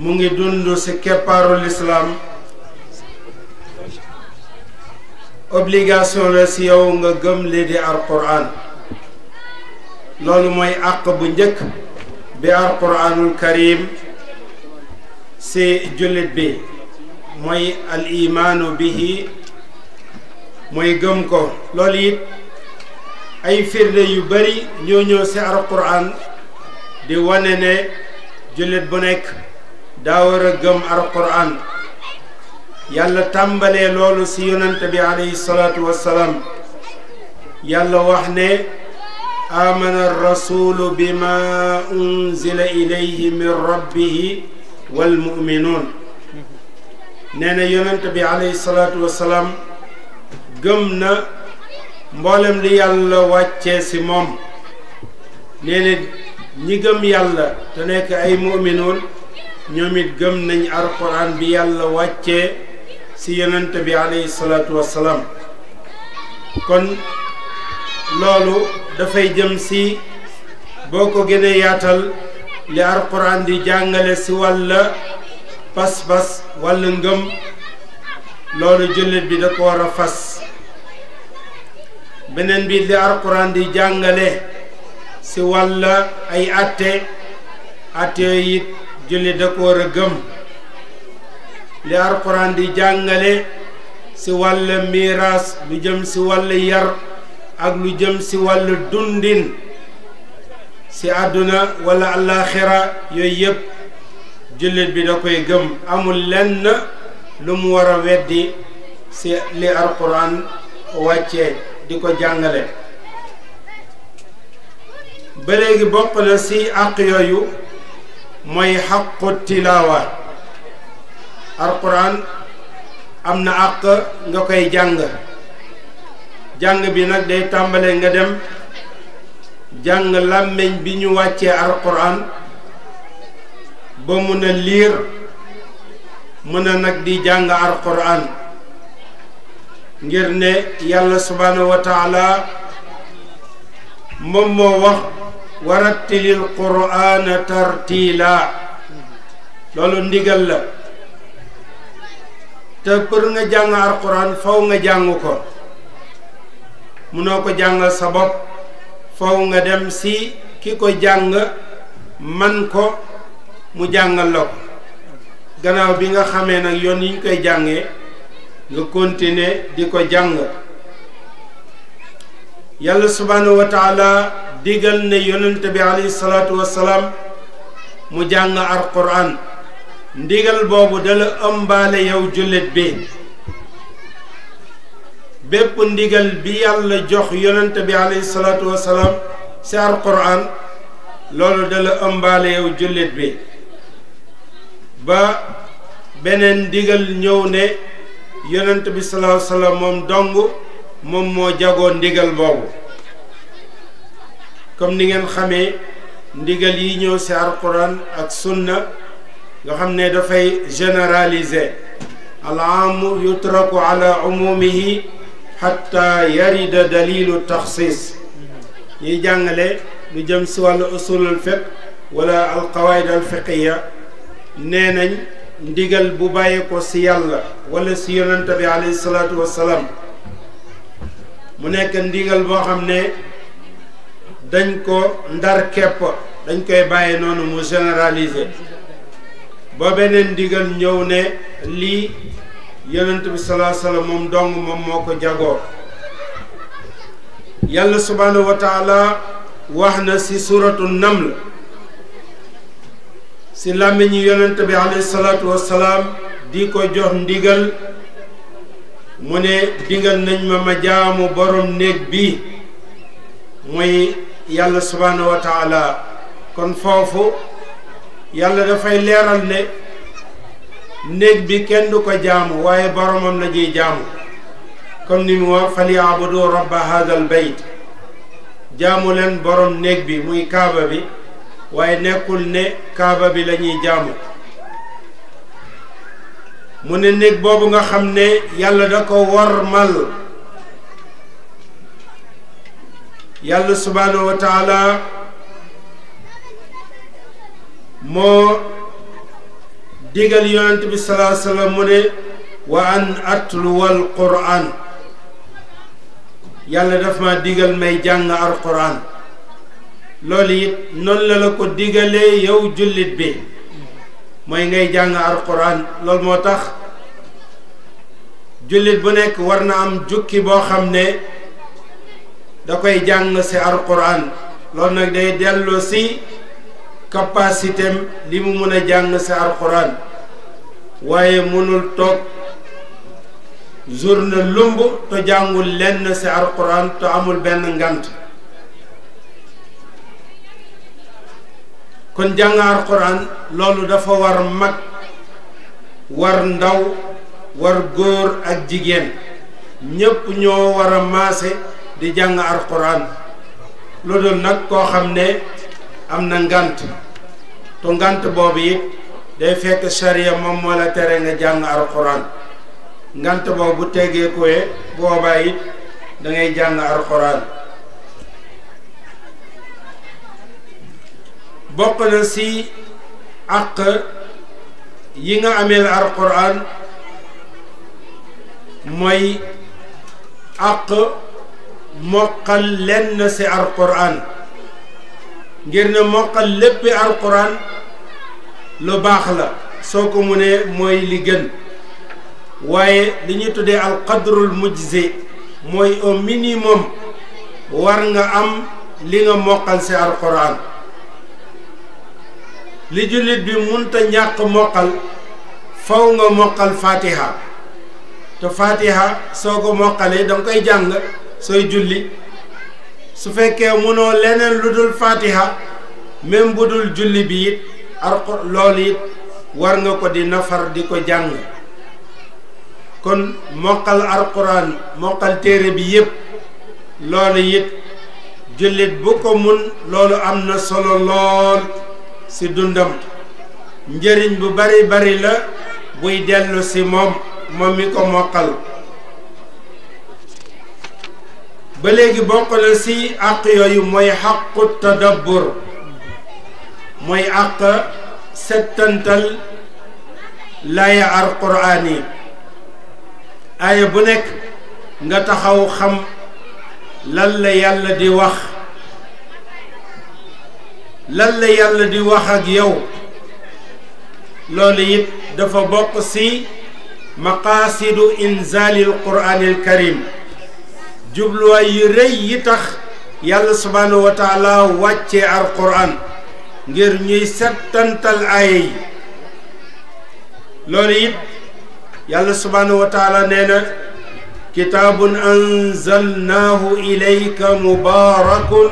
mu ngi dund si keppaaru lislaam obligation la si yow nga gëm lii di alquran loolu mooy àq bu njëkk bi alquranul karim si jullit bi mooy al imaanu bihi mooy gëm ko loolu it ay firnde yu bari ñoo ñëw si alquran di wane ne jullit bu nekk daa war a gëm alquran yàlla tàmbalee loolu si yonante bi alayhi salaatu wassalaam yàlla wax ne amana rasulu bima unzila ilayhi min rabbihi والمؤمنون نانا يونت بي عليه الصلاة والسلام قمنا مبولم لي الله واتشي سموم نانا نيقم يالا تنك أي مؤمنون نيومت قمنا نعر قرآن بي الله واتشي سي يونت بي عليه الصلاة والسلام كن لولو دفاي جمسي بوكو جنياتل يونت li alquran di jàngale ci wàlla pas-pas wàlla ngëm loolu jullit bi da ko war a fas beneen bi li alquran di jàngale ci wàlla ay atte atte yooyu jullit da ko war a gëm li alquran di jàngale ci wàlla miiraas lu jëm ci wàlla yar ak lu jëm ci wàlla dundin ci àdduna wala àllaaxira yooyu yëpp jullit bi da koy gëm amul lenn lu mu war a weddi ci li alquran wàcce di ko jàngale ba léegi bokk na si àq yooyu mooy xaqu tilaawa alquran am na àq nga koy jàng jàng bi nag day tàmbale nga dem jàng làmmiñ bi ñu wàccee alquran ba mun a liir mën a nag di jàng alquran ngir ne yàlla subhaanahu wa taala moom moo wax warattilil qur'ana tartiila loolu ndigal la te pour nga jàng alquran faw nga jàng ko mënoo ko jàngal sa bopp faw nga dem si ki ko jàng man ko mu jàngal la gannaaw bi nga xamee nag yoon yi koy jànge nga continuer di ko jàng yàlla subhanahu wa taala digal ne yonent bi alayhi salaatu wassalaam mu jàng alquran ndigal boobu dala ëmbaale yow jullit bi بيب ديغال بي الله جوخ يونت بي عليه الصلاه والسلام سير قران لولو دا لا امبالي و جوليت بي با بنين ديغال نيو ني يونت بي صلى الله عليه وسلم موم دونغ موم مو جاغو ديغال بوب كوم ني نين خامي ديغال يي نيو سير قران اك سنه nga xam ne dafay généraliser alaamu yutraku ala umumihi xatta yarida dalilu taxsiis ñuy jàngale lu jëm si wàllu usulul fiq wala alqawaid alfiqiya nee nañ ndigal bu bàyyi ko si yàlla wala si yonente bi alayhi salaatu wassalaam mu nekk ndigal boo xam ne dañ ko ndar kepp dañ koy bàyyi noonu mu généraliser ba beneen ndigal ñëw ne lii yonent bi salaa moom dong moom moo ko jagoo yàlla subaanu wa wax na si suratu naml ci làmmiñu yonent bi alayhi salaatu wassalaam di ko jox ndigal mu ne digal nañ ma ma jaamu borom néeg bi muy yàlla subhaanahu wa kon foofu yàlla dafay leeral ne neg bi kenndu ko jaamu waye boromam na jeyi jaamu comme ni mi wa fali abudu rabba hada l bayt jaamu len borom neg bi muy kaaba bi waye nekkul ne kaaba bi la ñuy jaamu mu ne neg boobu nga xam ne yàlla da ko wormal yàlla subhanahu wa taala moo digal yonent bi sallallahu alayhi wasallam mune wa an wal quran yalla daf ma digal may jang al quran loli non la la ko digalee yow julit bi moy ngay jang al quran lol motax julit bu nek war am jukki bo xamne da koy jang ci al quran lol nak day dellu si capacité am li mu mën a jàng ci alxuraan waaye mënul toog journée lumb te jàngul lenn ci alxuraan te amul benn ngant kon jàng alxuraan loolu dafa war mag war ndaw war góor ak jigéen ñépp ñoo war a maase di jàng alxuraan lu dul nag koo xam ne am na ngant tu ngant boobu it day fekk sariya moom moo la tere nga jàng alxuraan ngant boobu bu tegee kuwe boobaa it da ngay jàng alxuraan bokk na si àq yi nga ameel alxuraan mooy àq mokkal lenn ci alxuraan ngir ne moqal léppi alquran lu baax la soo ko mu ne mooy li gën waaye li ñu tuddee alqadrul mujzi mooy au minimum war nga am li nga mokkal si alquran li jullit bi munta ñàkk mokkal faw nga mokkal fatiha te fatiha soo ko mokkalee danga koy jàng sooy julli su fekke mënoo leneen ludul fatiha même budul julli bi it arqo war nga ko di nafar di ko jàng kon mokal alquran mokal téere bi yépp loolu it jullit bu ko mun loolu am na solo lool ci dundam njëriñ bu bari bari la buy dellu ci moom moom ko mokal ba léegi bokk na si àq yooyu mooy xàqu tadabbur mooy àq setantal laaya al quraan yi aaya bu nekk nga taxaw xam lan la yàlla di wax lan la yàlla di wax ak yow loolu it dafa bokk si maqaasidu inzaalil quraanil karim jubluwaay yu rëy yi tax yàlla subhanahu wa taala wàccee alquran ngir ñuy settantal aaya yi loolu it yàlla subhanahu wa taala nee na kitaabun anzalnaahu ilayka mubaarakun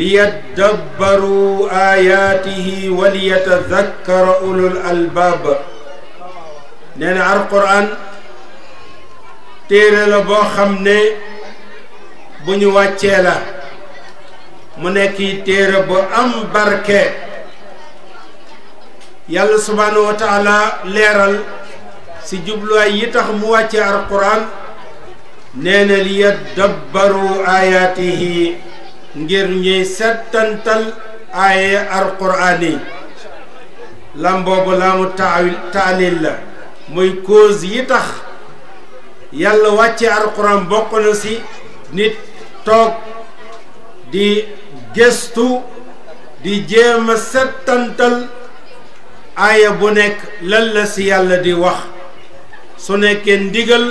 liyadabbaru ayatihi wa liyatadakkara ulul albab nee na alquran téere la boo xam ne bu ñu wàccee la mu nekk téere bu am barke yàlla subhaanahu leeral ci jubluwaay yi tax mu wàccee alquran nee na li yaddabbaru ayaatihi ngir ñuy settantal aaye alquran yi lam boobu laamu taalil la muy cause yi tax yàlla wàccee alquran bokk na si nit toog di gëstu di jéem a settantal aaya bu nekk lan la ci yàlla di wax su nekkee ndigal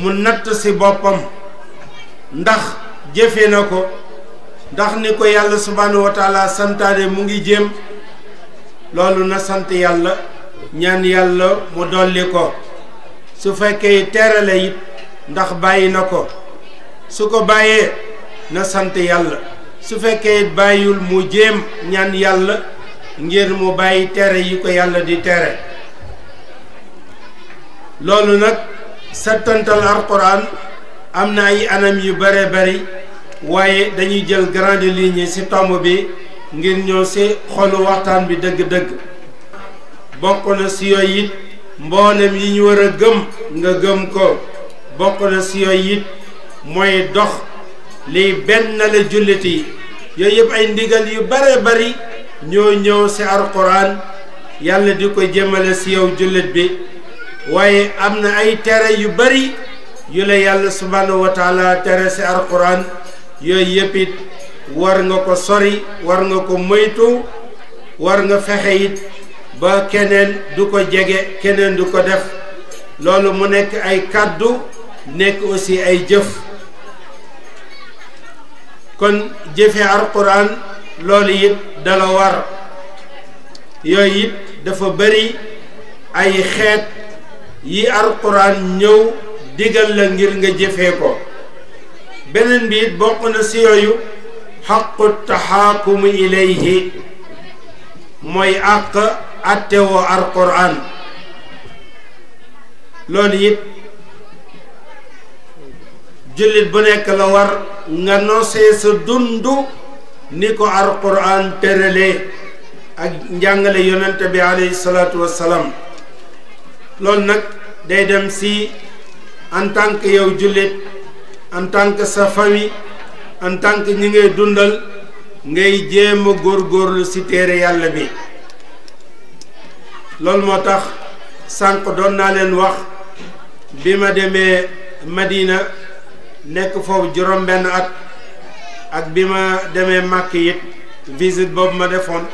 mu natt ci boppam ndax jëfe na ko ndax ni ko yàlla subhanahu wa taala santaane mu ngi jéem loolu na sant yàlla ñaan yàlla mu dolli ko su fekkee terale it ndax bàyyi na ko su ko bàyyee na sant yàlla su fekkee bàyyul mu jéem ñaan yàlla ngir mu bàyyi tere yi ko yàlla di tere loolu nag settantal alquran am na ay anam yu bare bari waaye dañuy jël grande ligne ci tomb bi ngir ñëw ci xolu waxtaan bi dëgg-dëgg bokk na ci yooyu it mboolem yi ñu war a gëm nga gëm ko bokk na ci yooyu it mooy dox liy benn la jullit yi yooyu yëpp ay ndigal yu bare bari ñoo ñëw ci alquran yàlla di ko jëmmale ci yow jullit bi waaye am na ay tere yu bari yu la yàlla subhanahu wa taala tere ci alquran yooyu yëpp it war nga ko sori war nga ko moytu war nga fexe it ba keneen du ko jege keneen du ko def loolu mu nekk ay kàddu nekk aussi ay jëf kon jëfe alquran loolu it dala war yooyu it dafa bari ay xeet yi alquran ñëw digal la ngir nga jëfee ko beneen bi it bokk na si yooyu xaqu taxaakumu ilayhi mooy àq attewoo alquran loolu it jullit bu nekk la war nga nosee sa dund ni ko alquran tëralee ak njàngale yonent bi alayhi salaatu wassalaam loolu nag day dem ci en tant yow jullit en tant que sa famille en tant que ñi ngay dundal ngay jéem góor góorgóorlu ci téere yàlla bi loolu moo tax sànq doon naa leen wax bi ma demee Madina nekk foofu juróom-benn at ak bi ma demee Màkk it visite boobu ma defoon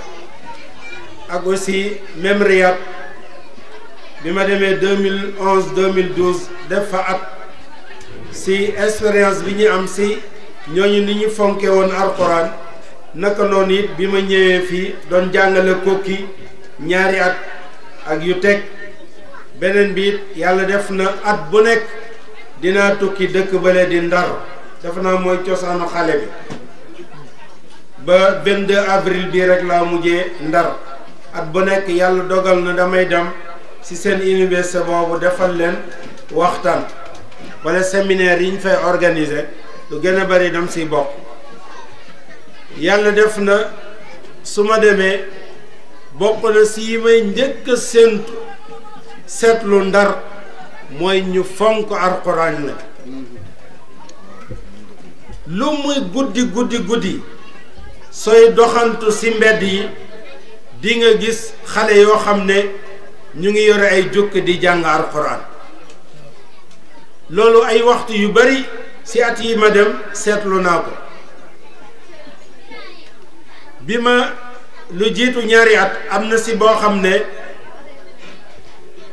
ak aussi même Riyad bi ma demee 2011 2012 def fa at si expérience bi ñu am si ñooñu ni ñu fonke woon alxuraan naka noonu bi ma ñëwee fii doon jàngale kokki ñaari at ak yu teg beneen bi yàlla def na at bu nekk. dinaa tukki dëkk bële di ndar dafa naa mooy cosaanu xale bi ba 22 avril bii rek laa mujjee ndar at bu nekk yàlla dogal na damay dem ci seen université boobu defal leen waxtaan wala séminaire yi ñu fay organise lu gën a bari dem ci bokk yàlla def na su ma demee bokk na ci may njëkk a séentu seetlu ndar moy ñu fonk alquran la lu muy guddi guddi guddi soy doxantu si mbedd yi di nga gis xalé yo xamne ñu ngi yore ay jukk di jang alquran lolu ay waxtu yu bari si at yi ma dem seetlu lu jitu ñaari at amna si boo xam ne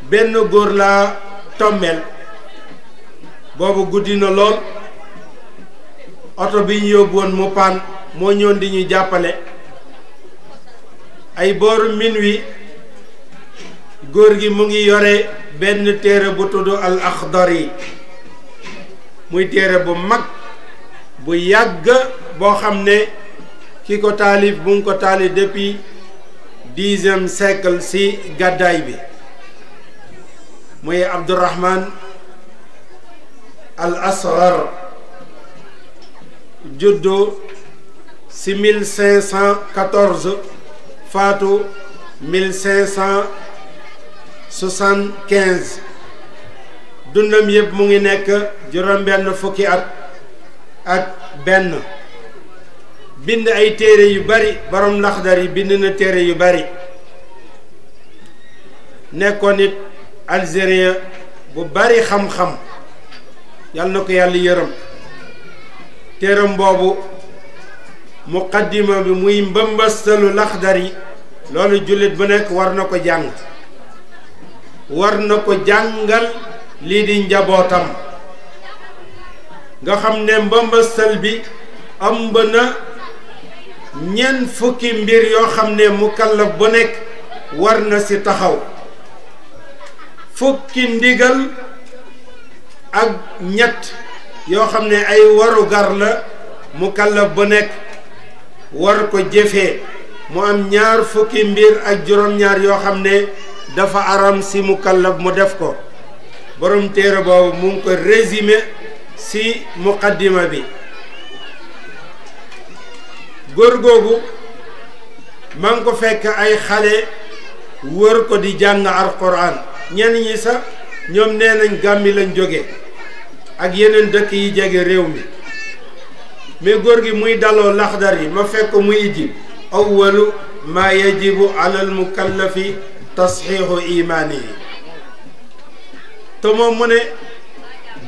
benn tombeel boobu guddi na lool oto bi ñu yóbbu mu paan moo ñëwoon di ñu jàppale ay booru minuit góor gi mu ngi yore benn téere bu tudd al axdar muy téere bu mag bu yàgg boo xam ne ki ko taalif bu ngi ko taalif depuis dixième siècle ci gàddaay bi moy Abdurrahman al asghar juddo 1514 Fatu 1575 dundam yeb mu ngi nek juróom ben fukki at ak ben bind ay téré yu bari borom lakhdari bind na téré yu bari nekkoon algérien bu bari xam-xam yàlla na ko yàlla yërëm téeram boobu muqaddima bi muy mbëmbëstalu laxdar yi loolu jullit bu nekk war na ko jàng war na ko jàngal lii di njabootam nga xam ne mbëmbëstal bi ëmb na ñeent fukki mbir yoo xam ne mu mukallaf bu nekk war na ci taxaw fukki ndigal ak ñett yoo xam ne ay warugar la mu kallaf bu nekk war ko jëfee mu am ñaar fukki mbir ak juróom-ñaar yoo xam ne dafa aram si mu kallaf mu def ko borom téere boobu mu ngi ko résumé si muqaddima bi góor googu ma ngi ko fekk ay xale wër ko di jàng alquran ñenn yi sax ñoom nee nañ gàmbi lañ jóge ak yeneen dëkk yi jege réew mi mais góor gi muy daloo laxdar yi ma fekk muy ijib awwalu maa yajibu alal mukallafi tasxiixu imaani yi te moom mu ne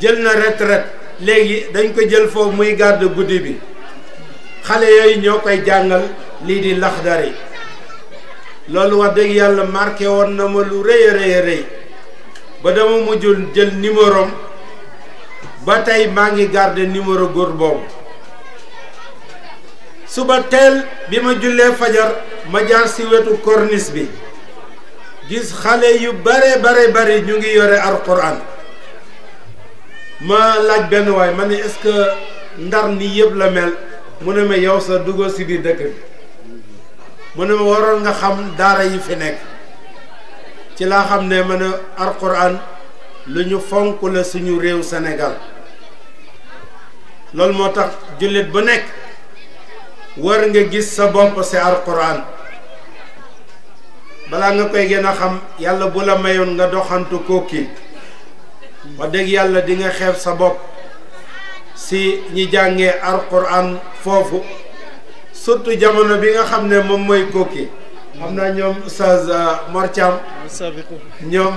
jël na retraite léegi dañ ko jël foofu muy garde guddi bi xale yooyu ñoo koy jàngal lii di laxdar yi loolu wax dégg yàlla marqué woon na ma lu rëy a rëy ba dama mujjul jël numéro ba tey maa ngi gàdde numéro góor boobu suba teel bi ma jullee fajar ma jaar ci wetu korniis bi gis xale yu bare bare bare ñu ngi yore alquran ma laaj benn waay ma ne est ndar ni yëpp la mel mu ne ma yow sa dugal ci biir dëkk mu ne ma waroon nga xam daara yi fi nekk ci laa xam ne ma ne alquran lu ñu fonk la suñu réew senegal loolu moo tax jullit bu nekk war nga gis sa bopp si alquran balaa nga koy gën xam yàlla bu la mayoon nga doxantu koo kooki wax dëgg yàlla di nga xeeb sa bopp si ñi jàngee alquran foofu surtout jamono bi nga xam ne moom mooy kooki xam naa ñoom Oustaz euh, Mor Thiam ñoom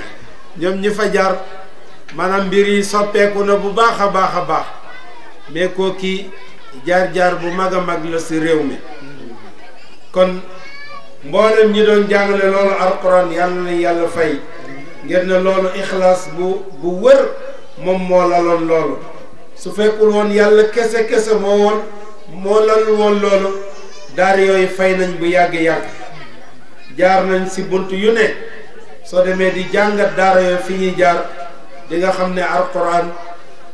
ñoom ñi fa jaar maanaam mbir yi soppeeku na bu baax a baax a baax mais kooki jaar-jaar bu mag a mag la si réew mi kon mboolem ñi doon jàngale loolu alquran yàlla na yàlla fay ngir ne loolu ixlaas bu bu wër moom moo laloon loolu su fekkul woon yàlla kese kese moo woon moo lal woon loolu daar yooyu fay nañ bu yàgg-yàgg jaar nañ si bunt yu ne soo demee di jàngat daara yooyu fi ñuy jaar di nga xam ne alquran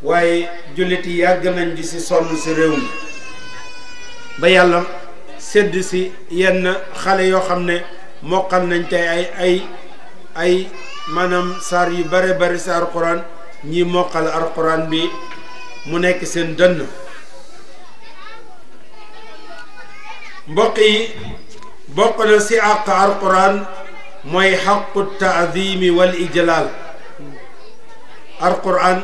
waaye jullit yi yàgg nañ di si sonn si réew mi ba yàlla sedd si yenn xale yoo xam ne mokkal nañ tey ay ay ay maanaam sar yu bare bare si alquran ñii mokkal alquran bi mu nekk seen dënn mbokk yi bokk na si àq alquran mooy xaqu taadimi wal ijlaal alquran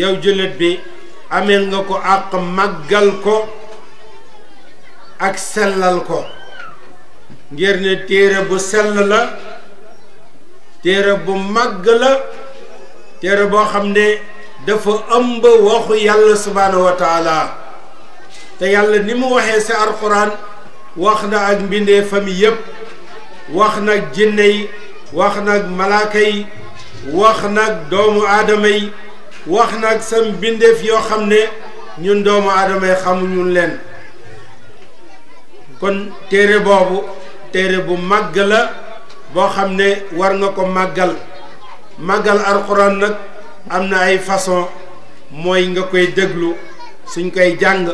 yow jullit bi ameel nga ko àq màggal ko ak sellal ko ngir ne téere bu sell la téere bu màgg la téere boo xam ne dafa ëmb waxu yàlla subhaanahu te yàlla ni mu waxee sa alxuraan wax na ak mbindee famille yëpp wax nag jinne yi wax nag malaaka yi wax nag doomu aadama yi wax nag sa mbindeef yoo xam ne ñun doomu aadama yi xamuñu leen kon téere boobu téere bu màgg la boo xam ne war nga ko màggal màggal alxuraan nag am na ay façon mooy nga koy déglu suñ koy jàng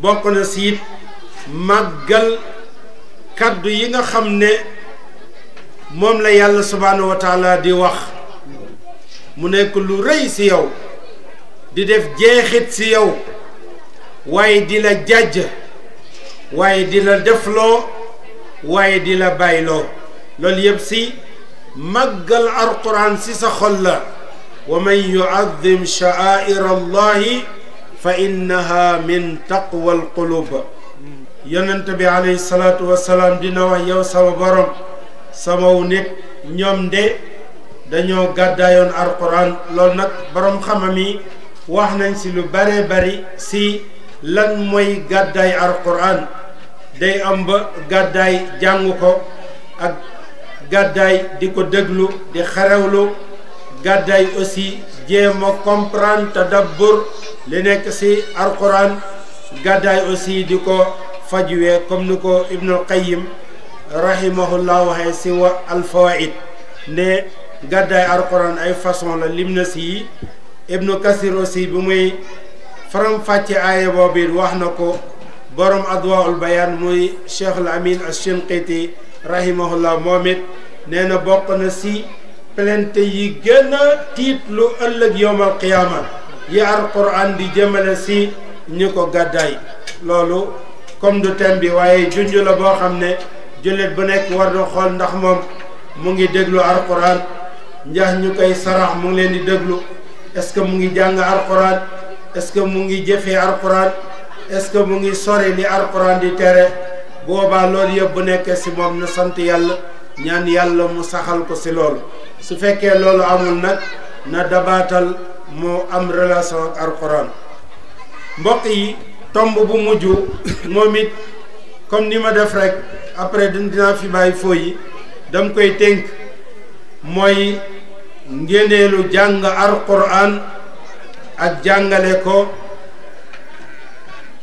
bokk na si it màggal kaddu yi nga xam ne moom la yàlla subhaanahu wa taala di wax mu nekk lu rëy si yow di def jeexit si yow waaye di la jàjj waaye di la defloo waaye di la bàyyiloo loolu yëpp si màggal alquran si sa xol la wa man yuazim sha'air allahi fa innaha min taqwa alqulub yonent bi alayhi salaatu wasalaam dina wax yow sama borom samaw nit ñoom de dañoo gàddaayoon alquran lool nag borom xamam yi wax nañ ci lu bare bari si lan mooy gàddaay alquran day am ba gàddaay jàng ko ak gàddaay di ko déglu di xarewlu gàddaay aussi jéem a comprendre tadabbur li nekk ci alquran gàddaay aussi di ko fajwee comme ni ko ibnul qayim rahimahullah waxee ci wa ne gàddaay alquran ay façon la lim si ci ibnu kasir aussi bi muy faram aaya boobu wax na ko borom adwaul bayaan muy cheikh amin al shinqiti rahimahullah moom it nee na bokk na ci plainte yi gën a tiit lu ëllëg yowmal qiyaama yi alquran di jëmale si ñu ko gàddaay loolu comme du thème bi waaye junj la boo xam ne jullit bu nekk war na xool ndax moom mu ngi déglu alquran ndax ñu koy sarax mu ngi leen di déglu est-ce que mu ngi jàng alquran est que mu ngi jëfee alquran est-ce que mu ngi sori li alquran di tere boobaa loolu yëpp bu nekkee si moom na sant yàlla ñaan yàlla mu saxal ko ci loolu su fekkee loolu amul nag na dabaatal moo am relation ak alxuraan mbokk yi tomb bu mujj moom it comme ni ma def rekk après dinaa fi bàyyi foo yi dam koy tënk mooy ngéneelu jàng alxuraan ak jàngale ko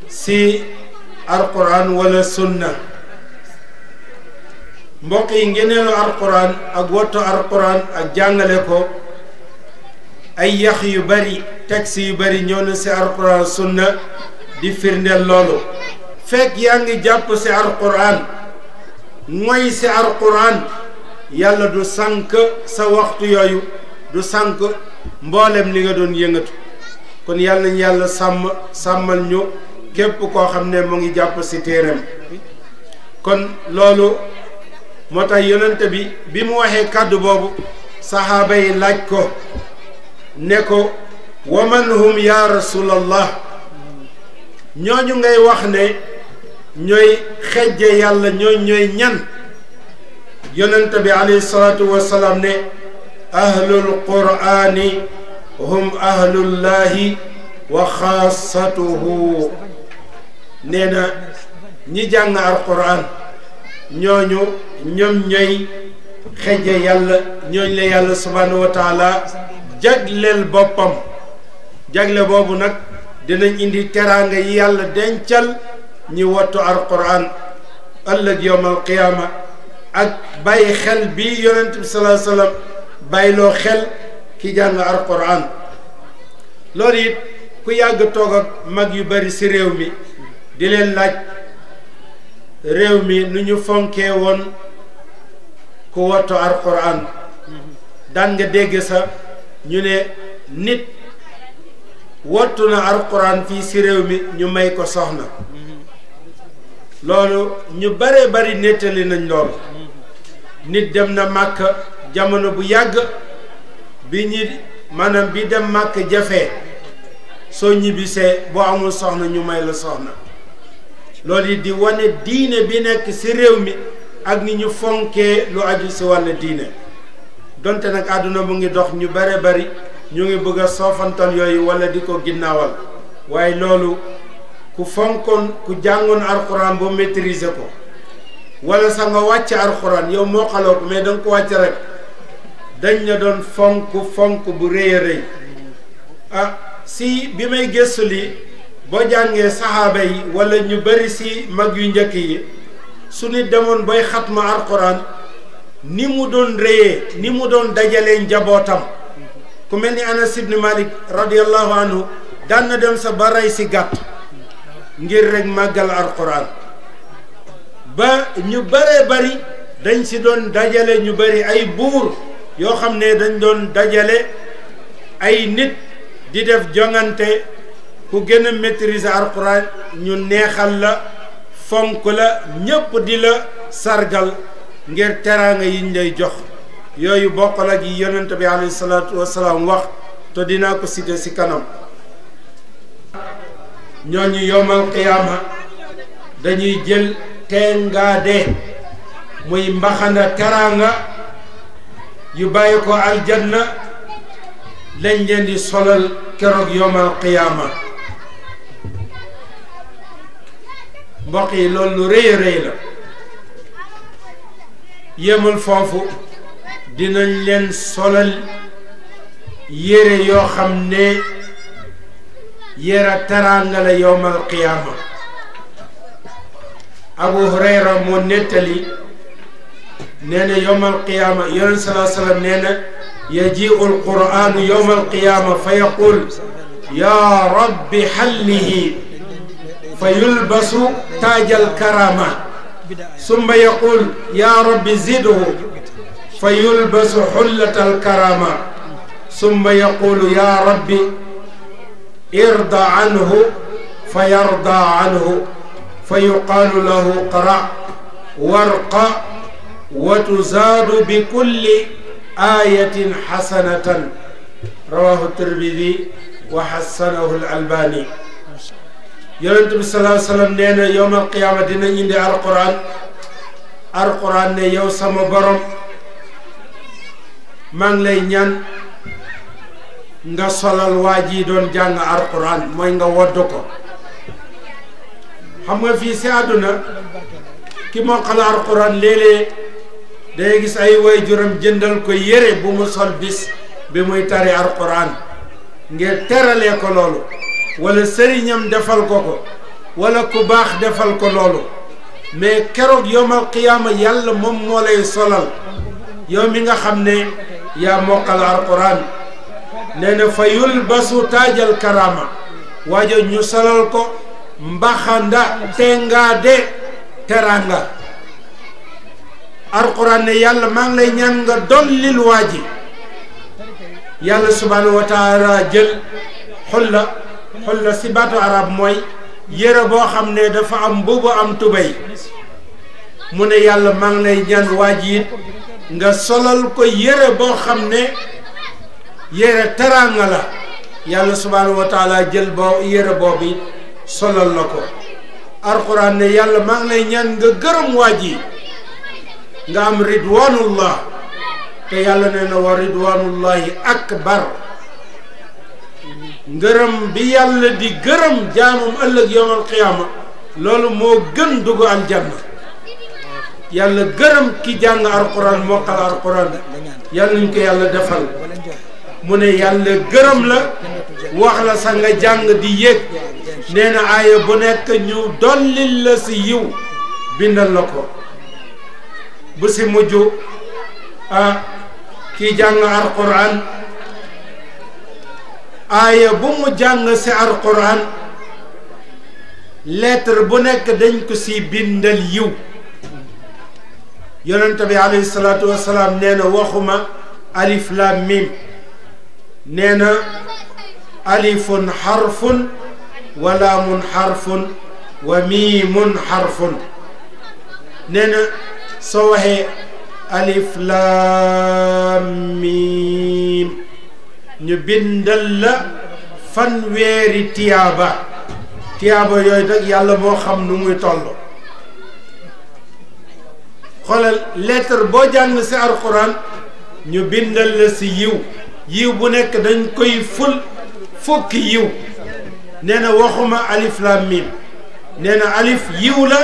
si alxuraan wala sunna mbokk yi ngeneelu alquran ak wattu alquran ak jàngale ko ay yax yu bari texte yu bari ñëw na si alquran sunna di firndeel loolu fekk yaa ngi jàpp si alquran mooy si alquran yàlla du sànk sa waxtu yooyu du sànk mboolem li nga doon yëngatu kon yàlla nañ yàlla sàmm sàmmal ñu képp koo xam ne ngi jàpp si téeram kon loolu moo tax yonent bi bi mu waxee kàddu boobu saxaaba yi laaj ko ne ko wa man hum ya rasulallah ñooñu ngay wax ne ñooy xejje yàlla ñooy ñooy ñan yonent bi alayhi salaatu wasalaam ne ahlul qur'ani hum ahlullahi wa xaasatuhu nee na ñi jàng al qur'an ñooñu ñoom ñooy xeje yàlla ñooñu la yàlla subhanahu wa taala boppam jagle boobu nag dinañ indi teraanga yi yàlla dencal ñi woto alquran ëllëg yowm alqiyaama ak bàyyi xel bi yonent bi salaa bàyyiloo xel ki jàng alquran loolu it ku yàgg toog ak mag yu bari ci réew mi di leen laaj réew mi nu ñu fonkee woon ku wattu alxuraan daan nga dégg sa ñu ne nit wattu na alxuraan fii ci réew mi ñu may ko soxna loolu ñu bare bari nettali nañ loolu nit dem na màkk jamono bu yàgg bi ñi maanaam bi dem màkk jafe soo ñibbisee boo amul soxna ñu may la soxna loolu di wane diine bi nekk si réew mi ak ni ñu fonkee lu aju si wàll diine donte nag àdduna mu ngi dox ñu bare bari ñu ngi bëgg a soofantal yooyu wala di ko ginnaawal waaye loolu ku fonkoon ku jàngoon alxuraan ba maîtriser ko wala sa nga wàcc alxuraan yow moo xaloo ko mais da ko wàcc rek dañ la doon fonk fonk bu rëy rëy ah si bi may gëstu lii bo jangé sahaba yi wala ñu bari si mag yu ñëk yi suñu demone boy khatma alquran ni mu don ni mu don dajalé njabotam ku melni anas ibn malik radiyallahu anhu dan na dem sa ba ci gatt ngir rek magal alquran ba ñu bare bari dañ ci don dajale ñu bari ay buur yo xamné dañ don dajale ay nit di def jongante ku gën a maîtriser alquran ñu neexal la fonk la ñépp di la sargal ngir teraanga yi lay jox yooyu bokk la gi yonent bi alayhi salaatu wasalaam wax te dinaa ko cité ci kanam ñooñu yowmal qiyaama dañuy jël tengaade muy mbaxana teraanga yu bàyyi ko aljanna lañ leen di solal keroog yowmal qiyaama mbokk yi loolu lu rëy a rëy la yemul foofu dinañ leen solal yére yoo xam ne yére teraanga la yowmal qiyaama abu hurayra moo nettali nee na yowmal qiyaama yonent salaa sallam nee na yajiu alquranu yowmal qiyaama fa yaqul ya rabbi xallihi فيلبس تاج الكرامة ثم يقول يا رب زده فيلبس حلة الكرامة ثم يقول يا رب ارضى عنه فيرضى عنه فيقال له قرع وارقى وتزاد بكل آية حسنة رواه الترمذي وحسنه الألباني yonent bi salaa sallam nee na yowmal qiyaama dina indi alquran alquran ne yow sama borom maa lay ñaan nga solal waa ji doon jàng alquran mooy nga wodd ko xam nga fii si àdduna ki mokkal alquran léeg-léeg day gis ay waajuram jëndal ko yére bu mu sol bis bi muy tari alquran ngir teralee ko loolu wala sëriñam defal ko ko wala ku baax defal ko loolu mais keroog yowmal qiyaama yàlla moom moo lay solal yow mi nga xam ne yaa moqal alquran nee na fa yulbasu taajal karaama waajo ñu solal ko mbaxanda tengaade teranga alquran ne yàlla maa ngi lay ñaan nga dollil waa ji yàlla subhaanahu wa jël xulla xul la sibaatu arab mooy yére boo xam ne dafa am mbubu am tubéy mu ne yàlla maa ngi lay ñaan waaj it nga solal ko yére boo xam ne yére teraanga la yàlla subhaanahu wa jël boo yére boobu solal la ko alxuraan ne yàlla maa ngi lay nga gërëm waaj yi nga am ridwaanullah te yàlla nee na wa ridwaanullahi akbar ngërëm bi yàlla di gërëm jaamam ëllëg yowmal qiyaama loolu moo gën dugg aljanna yàlla gërëm ki jàng alquran mokkal alquran yàlla nañ ko yàlla defal mu ne yàlla gërëm la wax la sa nga jàng di yéeg nee na aaya bu nekk ñu dollil la si yiw bindal la ko bu si mujj ah ki jàng alquran aaya bu mu jàng ci alquran lettre bu nekk dañ ko ci bindal yiw yonent bi alayhi salaatu wasalaam nee na waxuma alif laam mim nee na alifun xarfun wa laamun xarfun wa miimun xarfun nee na soo waxee alif laam mim ñu bindal la fanweeri tiyaaba tiyaaba yooyu nag yàlla moo xam nu muy toll xoolal lettre boo jàng si alxuraan ñu bindal la si yiw yiw bu nekk dañ koy ful fukki yiw nee na waxuma alif lam mim nee na alif yiw la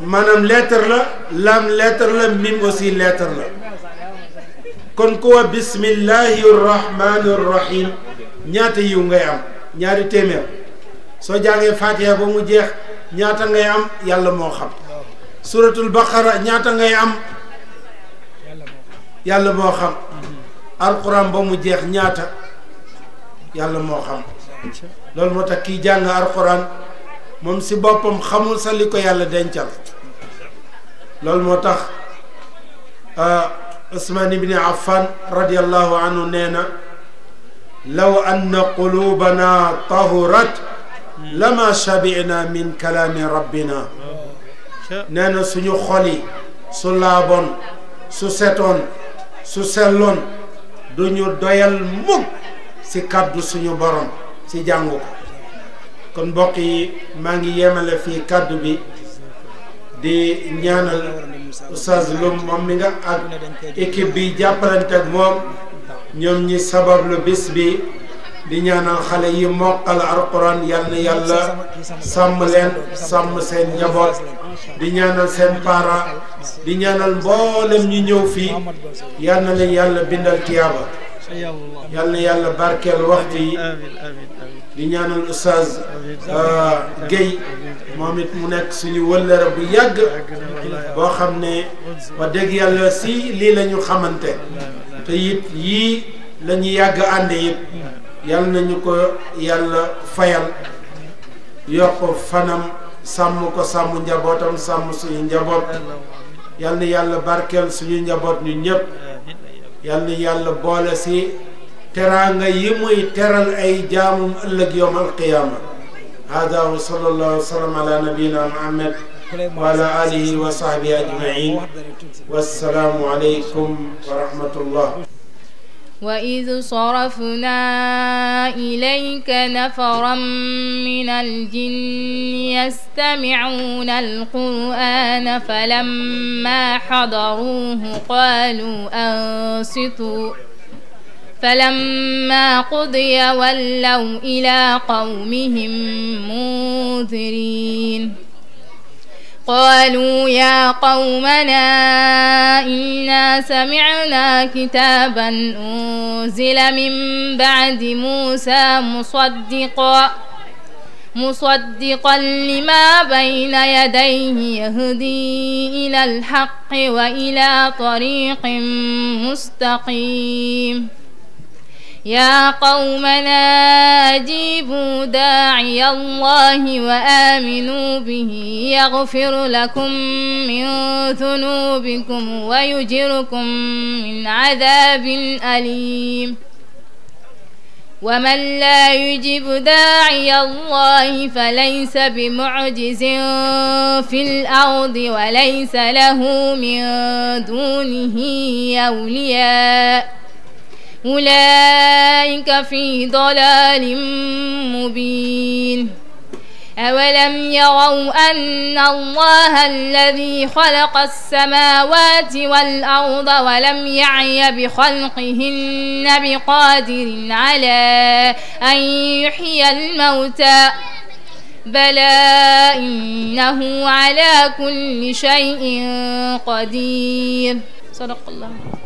maanaam lettre la lam lettre la mim aussi lettre la kon ku wa bismillahi rrahmani ñaata yiw ngay am ñaari téeméer soo jàngee fatiha ba mu jeex ñaata ngay am yàlla moo xam suratul baqara ñaata ngay am yàlla moo xam alquran ba mu jeex ñaata yàlla moo xam loolu moo tax kii jàng alquran moom si boppam xamul sa li ko yàlla dencal loolu moo tax euh, عثمان بن عفان رضي الله عنه نينا لو أن قلوبنا طهرت لما شبعنا من كلام ربنا نينا سنو خلي سلابون سوسيتون سوسلون دونيو دويال مك سي kàddu سنو borom سي جانو كن بقي مانجي يمل في ngi بي di ñaanal oustaz Lom moom mi nga ak équipe bi jàppalante ak moom ñoom ñi sabab lu bis bi di ñaanal xale yi mokkal alquran yal na yàlla sàmm leen sàmm seen njaboot di ñaanal seen parent di ñaanal mboolem ñu ñëw fii yal na leen yàlla bindal tiyaaba yal yalla yàlla barkeel waxtu yi di ñaanal Oustaz euh, Guèye moom it mu nekk suñu wëllëra bu yàgg boo xam ne wax dëgg yàlla si lii la ñu te it yii la yal nañu ko yàlla fayal yokk fanam samu ko sàmm njabotam sàmm suñu njabot yal na yàlla suñu njabot ñu ñëpp yàlla yàlla boole si teraanga yi muy teral ay jaamum ëllëg yowm alqiyaama hada wa sallallahu wa sallam ala nabiyina muhammad wa ala alihi wa sahbihi ajmain wassalaamu aleykum wa rahmatullah وإذ صرفنا إليك نفرا من الجن يستمعون القرآن فلما حضروه قالوا أنصتوا فلما قضي ولوا إلى قومهم منذرين قالوا يا قومنا إنا سمعنا كتابا أنزل من بعد موسى مصدقا مصدقا لما بين يديه يهدي إلى الحق وإلى طريق مستقيم يا قومنا أجيبوا داعي الله وآمنوا به يغفر لكم من ذنوبكم ويجركم من عذاب أليم ومن لا يجب داعي الله فليس بمعجز في الأرض وليس له من دونه أولياء أولئك في ضلال مبين أولم يروا أن الله الذي خلق السماوات والأرض ولم يعي بخلقهن بقادر على أن يحيي الموتى بلى إنه على كل شيء قدير صدق الله